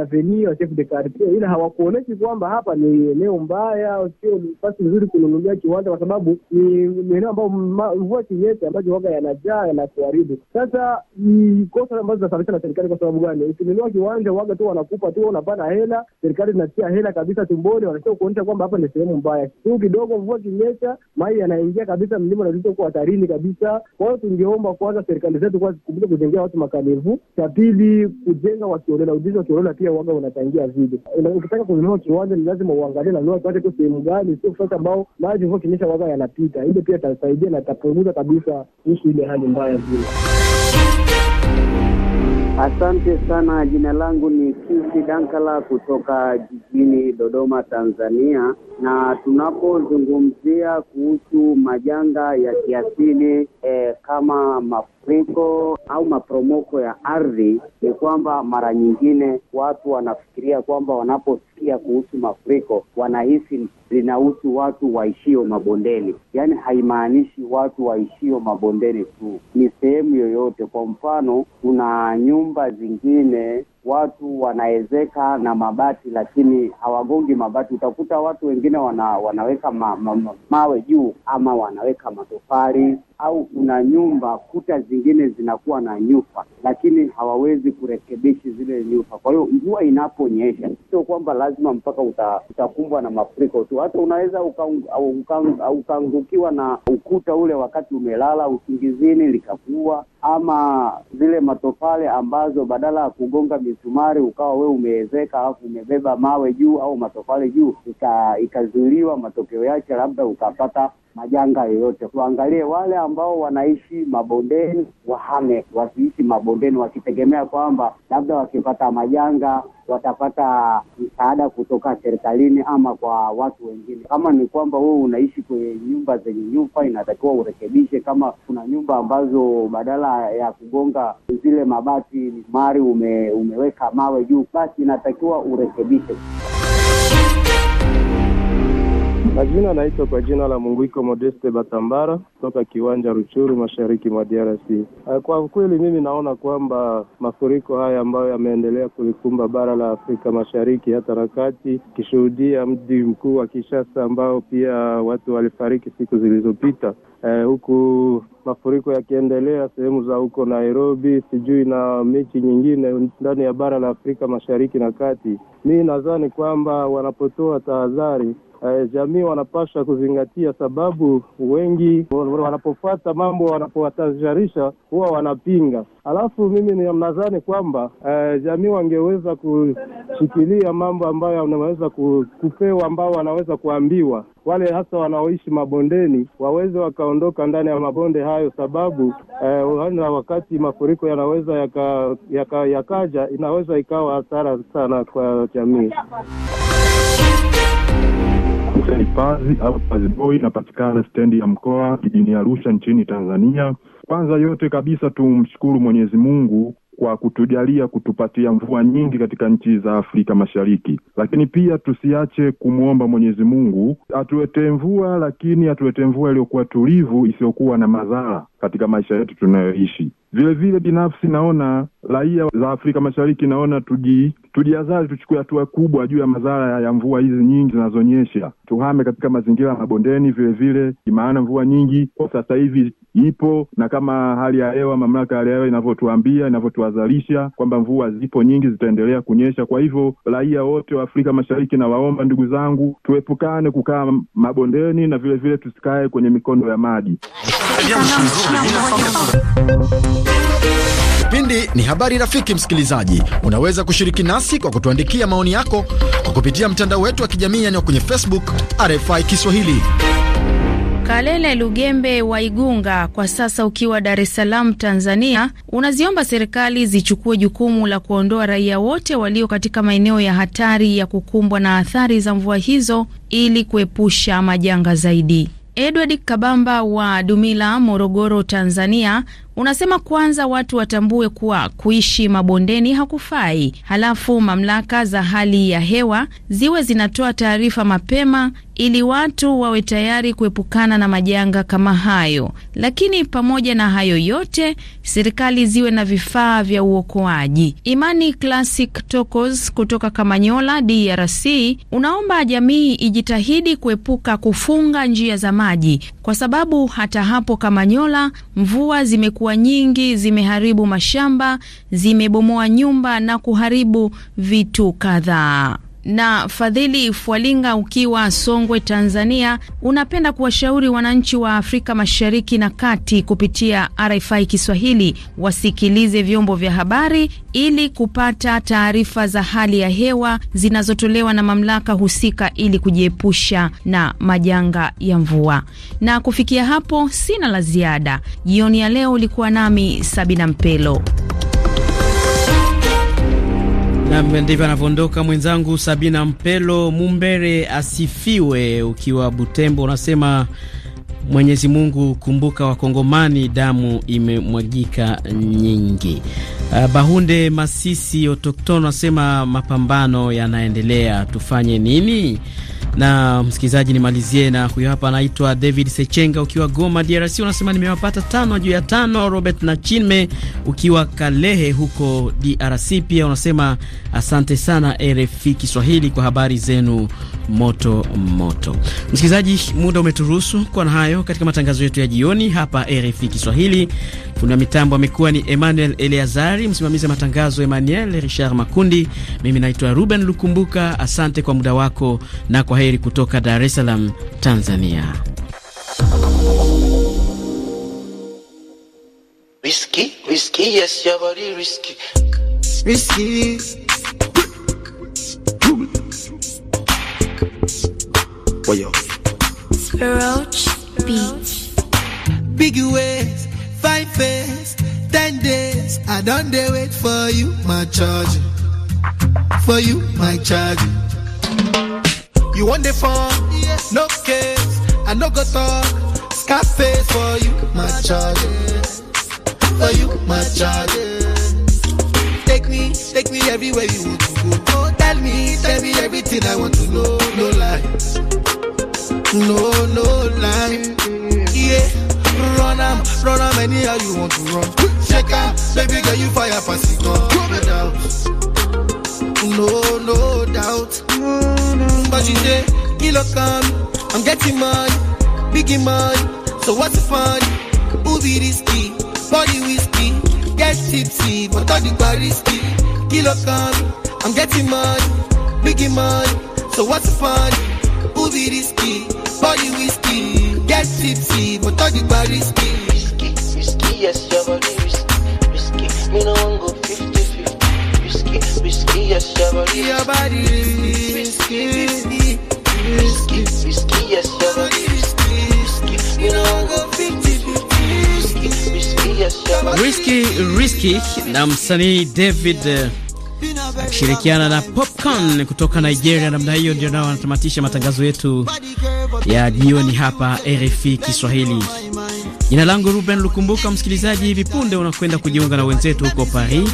d'avenue de quartier, ila hawakuoneshi kwamba hapa ni eneo mbaya, sio nafasi nzuri kununulia kiwanja, kwa sababu ni eneo ambayo mvua kinyesha, ambacho waga yanajaa yanakuharibu karibu. Sasa ni kosa ambazo zinasababisha na serikali. Kwa sababu gani? Ukinunua kiwanja waga tu wanakupa tu, unapana hela, serikali zinatia hela kabisa tumboni, wanataka kuonyesha kwamba hapa ni sehemu mbaya tu. Kidogo mvua kinyesha, maji yanaingia kabisa mlima nazito uko hatarini kabisa. Kwa hiyo tungeomba kwanza serikali zetu kwa zikumbuke kujengea watu makalivu. Cha pili, kujenga wakiolela, ujenzi wakiolela pia waga unachangia vile. Ukitaka kununua kiwanja ni lazima uangalie nanua kiwanja tu sehemu gani, sio sasa ambao maji mvua kinyesha waga yanapita. Ile pia itasaidia na itapunguza kabisa kuhusu ile hali mbaya vile. Asante sana. Jina langu ni Kisi Dankala kutoka jijini Dodoma, Tanzania na tunapozungumzia kuhusu majanga ya kiasili eh, kama mafuriko au maporomoko ya ardhi, ni kwamba mara nyingine watu wanafikiria kwamba wanaposikia kuhusu mafuriko wanahisi linahusu watu waishio mabondeni. Yaani haimaanishi watu waishio mabondeni tu, ni sehemu yoyote. Kwa mfano, kuna nyumba zingine watu wanaezeka na mabati lakini hawagongi mabati. Utakuta watu wengine wana, wanaweka ma, ma, ma, mawe juu ama wanaweka matofali au kuna nyumba kuta zingine zinakuwa na nyufa, lakini hawawezi kurekebishi zile nyufa. Kwa hiyo mvua inaponyesha, sio kwamba lazima mpaka uta, utakumbwa na mafuriko tu, hata unaweza ukaangukiwa uka, uka na ukuta ule wakati umelala usingizini likakua ama zile matofali ambazo badala ya kugonga misumari ukawa wee umeezeka, alafu umebeba mawe juu au matofali juu, ikazuiliwa, matokeo yake labda ukapata majanga yoyote. Tuangalie wale ambao wanaishi mabondeni, wahame, wasiishi mabondeni wakitegemea kwamba labda wakipata majanga watapata msaada kutoka serikalini ama kwa watu wengine. Kama ni kwamba wewe unaishi kwenye nyumba zenye nyufa, inatakiwa urekebishe. Kama kuna nyumba ambazo badala ya kugonga zile mabati mari ume, umeweka mawe juu, basi inatakiwa urekebishe. Majina anaitwa kwa jina la Munguiko Modeste Batambara kutoka kiwanja Ruchuru, mashariki mwa DRC. Eh, kwa kweli mimi naona kwamba mafuriko haya ambayo yameendelea kulikumba bara la Afrika Mashariki hata na kati, kishuhudia mji mkuu wa kishasa ambao pia watu walifariki siku zilizopita, eh, huku mafuriko yakiendelea sehemu za huko Nairobi, sijui na mechi nyingine ndani ya bara la Afrika Mashariki na Kati. Mi nadhani kwamba wanapotoa tahadhari eh, jamii wanapasha kuzingatia, sababu wengi wanapofuata mambo wanapowatajarisha huwa wanapinga. Alafu mimi nadhani kwamba eh, jamii wangeweza kushikilia mambo ambayo wanaweza kupewa, ambao wanaweza kuambiwa wale hasa wanaoishi mabondeni waweze wakaondoka ndani ya mabonde hayo, sababu eh, wakati mafuriko yanaweza yaka, yaka, yakaja, inaweza ikawa hasara sana kwa jamii. Duka Ipazi au Paziboi inapatikana stendi ya mkoa jijini Arusha nchini Tanzania. Kwanza yote kabisa tumshukuru Mwenyezi Mungu kwa kutujalia kutupatia mvua nyingi katika nchi za Afrika Mashariki, lakini pia tusiache kumwomba Mwenyezi Mungu atuletee mvua, lakini atuletee mvua iliyokuwa tulivu, isiyokuwa na madhara katika maisha yetu tunayoishi. Vilevile binafsi, naona raia za Afrika Mashariki, naona tuji tujiazari, tuchukue hatua kubwa juu ya madhara ya mvua hizi nyingi zinazonyesha, tuhame katika mazingira ya mabondeni vilevile, maana mvua nyingi kwa sasa hivi ipo na kama hali ya hewa, mamlaka ya hali ya hewa inavyotuambia inavyotuazarisha kwamba mvua zipo nyingi, zitaendelea kunyesha. Kwa hivyo raia wote wa Afrika Mashariki, nawaomba ndugu zangu, tuepukane kukaa mabondeni na vilevile tusikae kwenye mikondo ya maji Kipindi ni habari rafiki. Msikilizaji, unaweza kushiriki nasi kwa kutuandikia maoni yako kwa kupitia mtandao wetu wa kijamii yani kwenye Facebook RFI Kiswahili. Kalele Lugembe wa Igunga, kwa sasa ukiwa Dar es Salaam, Tanzania, unaziomba serikali zichukue jukumu la kuondoa raia wote walio katika maeneo ya hatari ya kukumbwa na athari za mvua hizo ili kuepusha majanga zaidi. Edward Kabamba wa Dumila, Morogoro, Tanzania, Unasema kwanza watu watambue kuwa kuishi mabondeni hakufai, halafu mamlaka za hali ya hewa ziwe zinatoa taarifa mapema ili watu wawe tayari kuepukana na majanga kama hayo. Lakini pamoja na hayo yote, serikali ziwe na vifaa vya uokoaji. Imani Classic Tokos kutoka Kamanyola, DRC, unaomba jamii ijitahidi kuepuka kufunga njia za maji kwa sababu hata hapo Kamanyola mvua zimekuwa nyingi, zimeharibu mashamba, zimebomoa nyumba na kuharibu vitu kadhaa. Na Fadhili Fwalinga, ukiwa Songwe, Tanzania, unapenda kuwashauri wananchi wa Afrika Mashariki na Kati kupitia RFI Kiswahili wasikilize vyombo vya habari ili kupata taarifa za hali ya hewa zinazotolewa na mamlaka husika ili kujiepusha na majanga ya mvua. Na kufikia hapo sina la ziada. Jioni ya leo ulikuwa nami Sabina Mpelo. Nam, ndivyo anavyoondoka mwenzangu Sabina Mpelo Mumbere, asifiwe. Ukiwa Butembo unasema Mwenyezi Mungu, kumbuka Wakongomani, damu imemwagika nyingi. Uh, Bahunde Masisi Otokton asema mapambano yanaendelea, tufanye nini? Na msikilizaji, nimalizie na huyo hapa, anaitwa David Sechenga ukiwa Goma DRC, unasema nimewapata tano juu ya tano. Robert nachinme ukiwa Kalehe huko DRC pia unasema asante sana RFI Kiswahili kwa habari zenu moto moto. Msikilizaji, muda umeturuhusu kwa na hayo leo katika matangazo yetu ya jioni hapa RFI Kiswahili. Fundi wa mitambo amekuwa ni Emmanuel Eleazari, msimamizi wa matangazo Emmanuel Richard Makundi. Mimi naitwa Ruben Lukumbuka, asante kwa muda wako na kwa heri kutoka Dar es Salaam, Tanzania. Whisky, whisky, yes, Roach. beach. Big waves, five face, ten days. I don't dare wait for you, my charge. For you, my charge. You want the phone? Yes. No case. I no go talk. Scarface for you, my charge. For you, my charge. Take me, take me everywhere you want to go. Oh, tell me, tell me everything I want to know. No lies no, no lie. Yeah, run am, run am anyhow you want to run. Check out, baby girl, you fire pass it on. No doubt, no, no doubt. But she say, kilo come, um, I'm getting money, biggie money. So what's the fun? Who be risky, body whiskey, get tipsy, but all the bar risky. Kilo come, um, I'm getting money, biggie money. So what's the fun? who be risky? Body whiskey, get tipsy, but all the bar risky. Risky, risky, yes, your body risky. Risky, me no one go 50-50. Risky, risky, yes, your body risky. Your body risky, risky, risky, risky, yes, your body risky. Risky, me no one go 50-50. Risky, yes, your body risky. Risky, risky, na msanii David uh, akishirikiana na Popcorn kutoka Nigeria. Namna hiyo ndio nao wanatamatisha matangazo yetu ya jioni hapa RFI Kiswahili. Jina langu Ruben Lukumbuka. Msikilizaji, hivi punde unakwenda kujiunga na wenzetu huko Paris,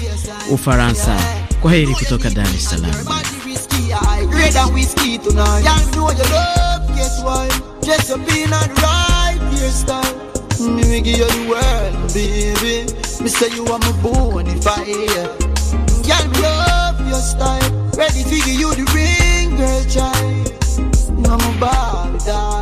Ufaransa. Kwa heri kutoka Dar es Salaam. your style. Ready to give you the ring, girl, child. I'm a bad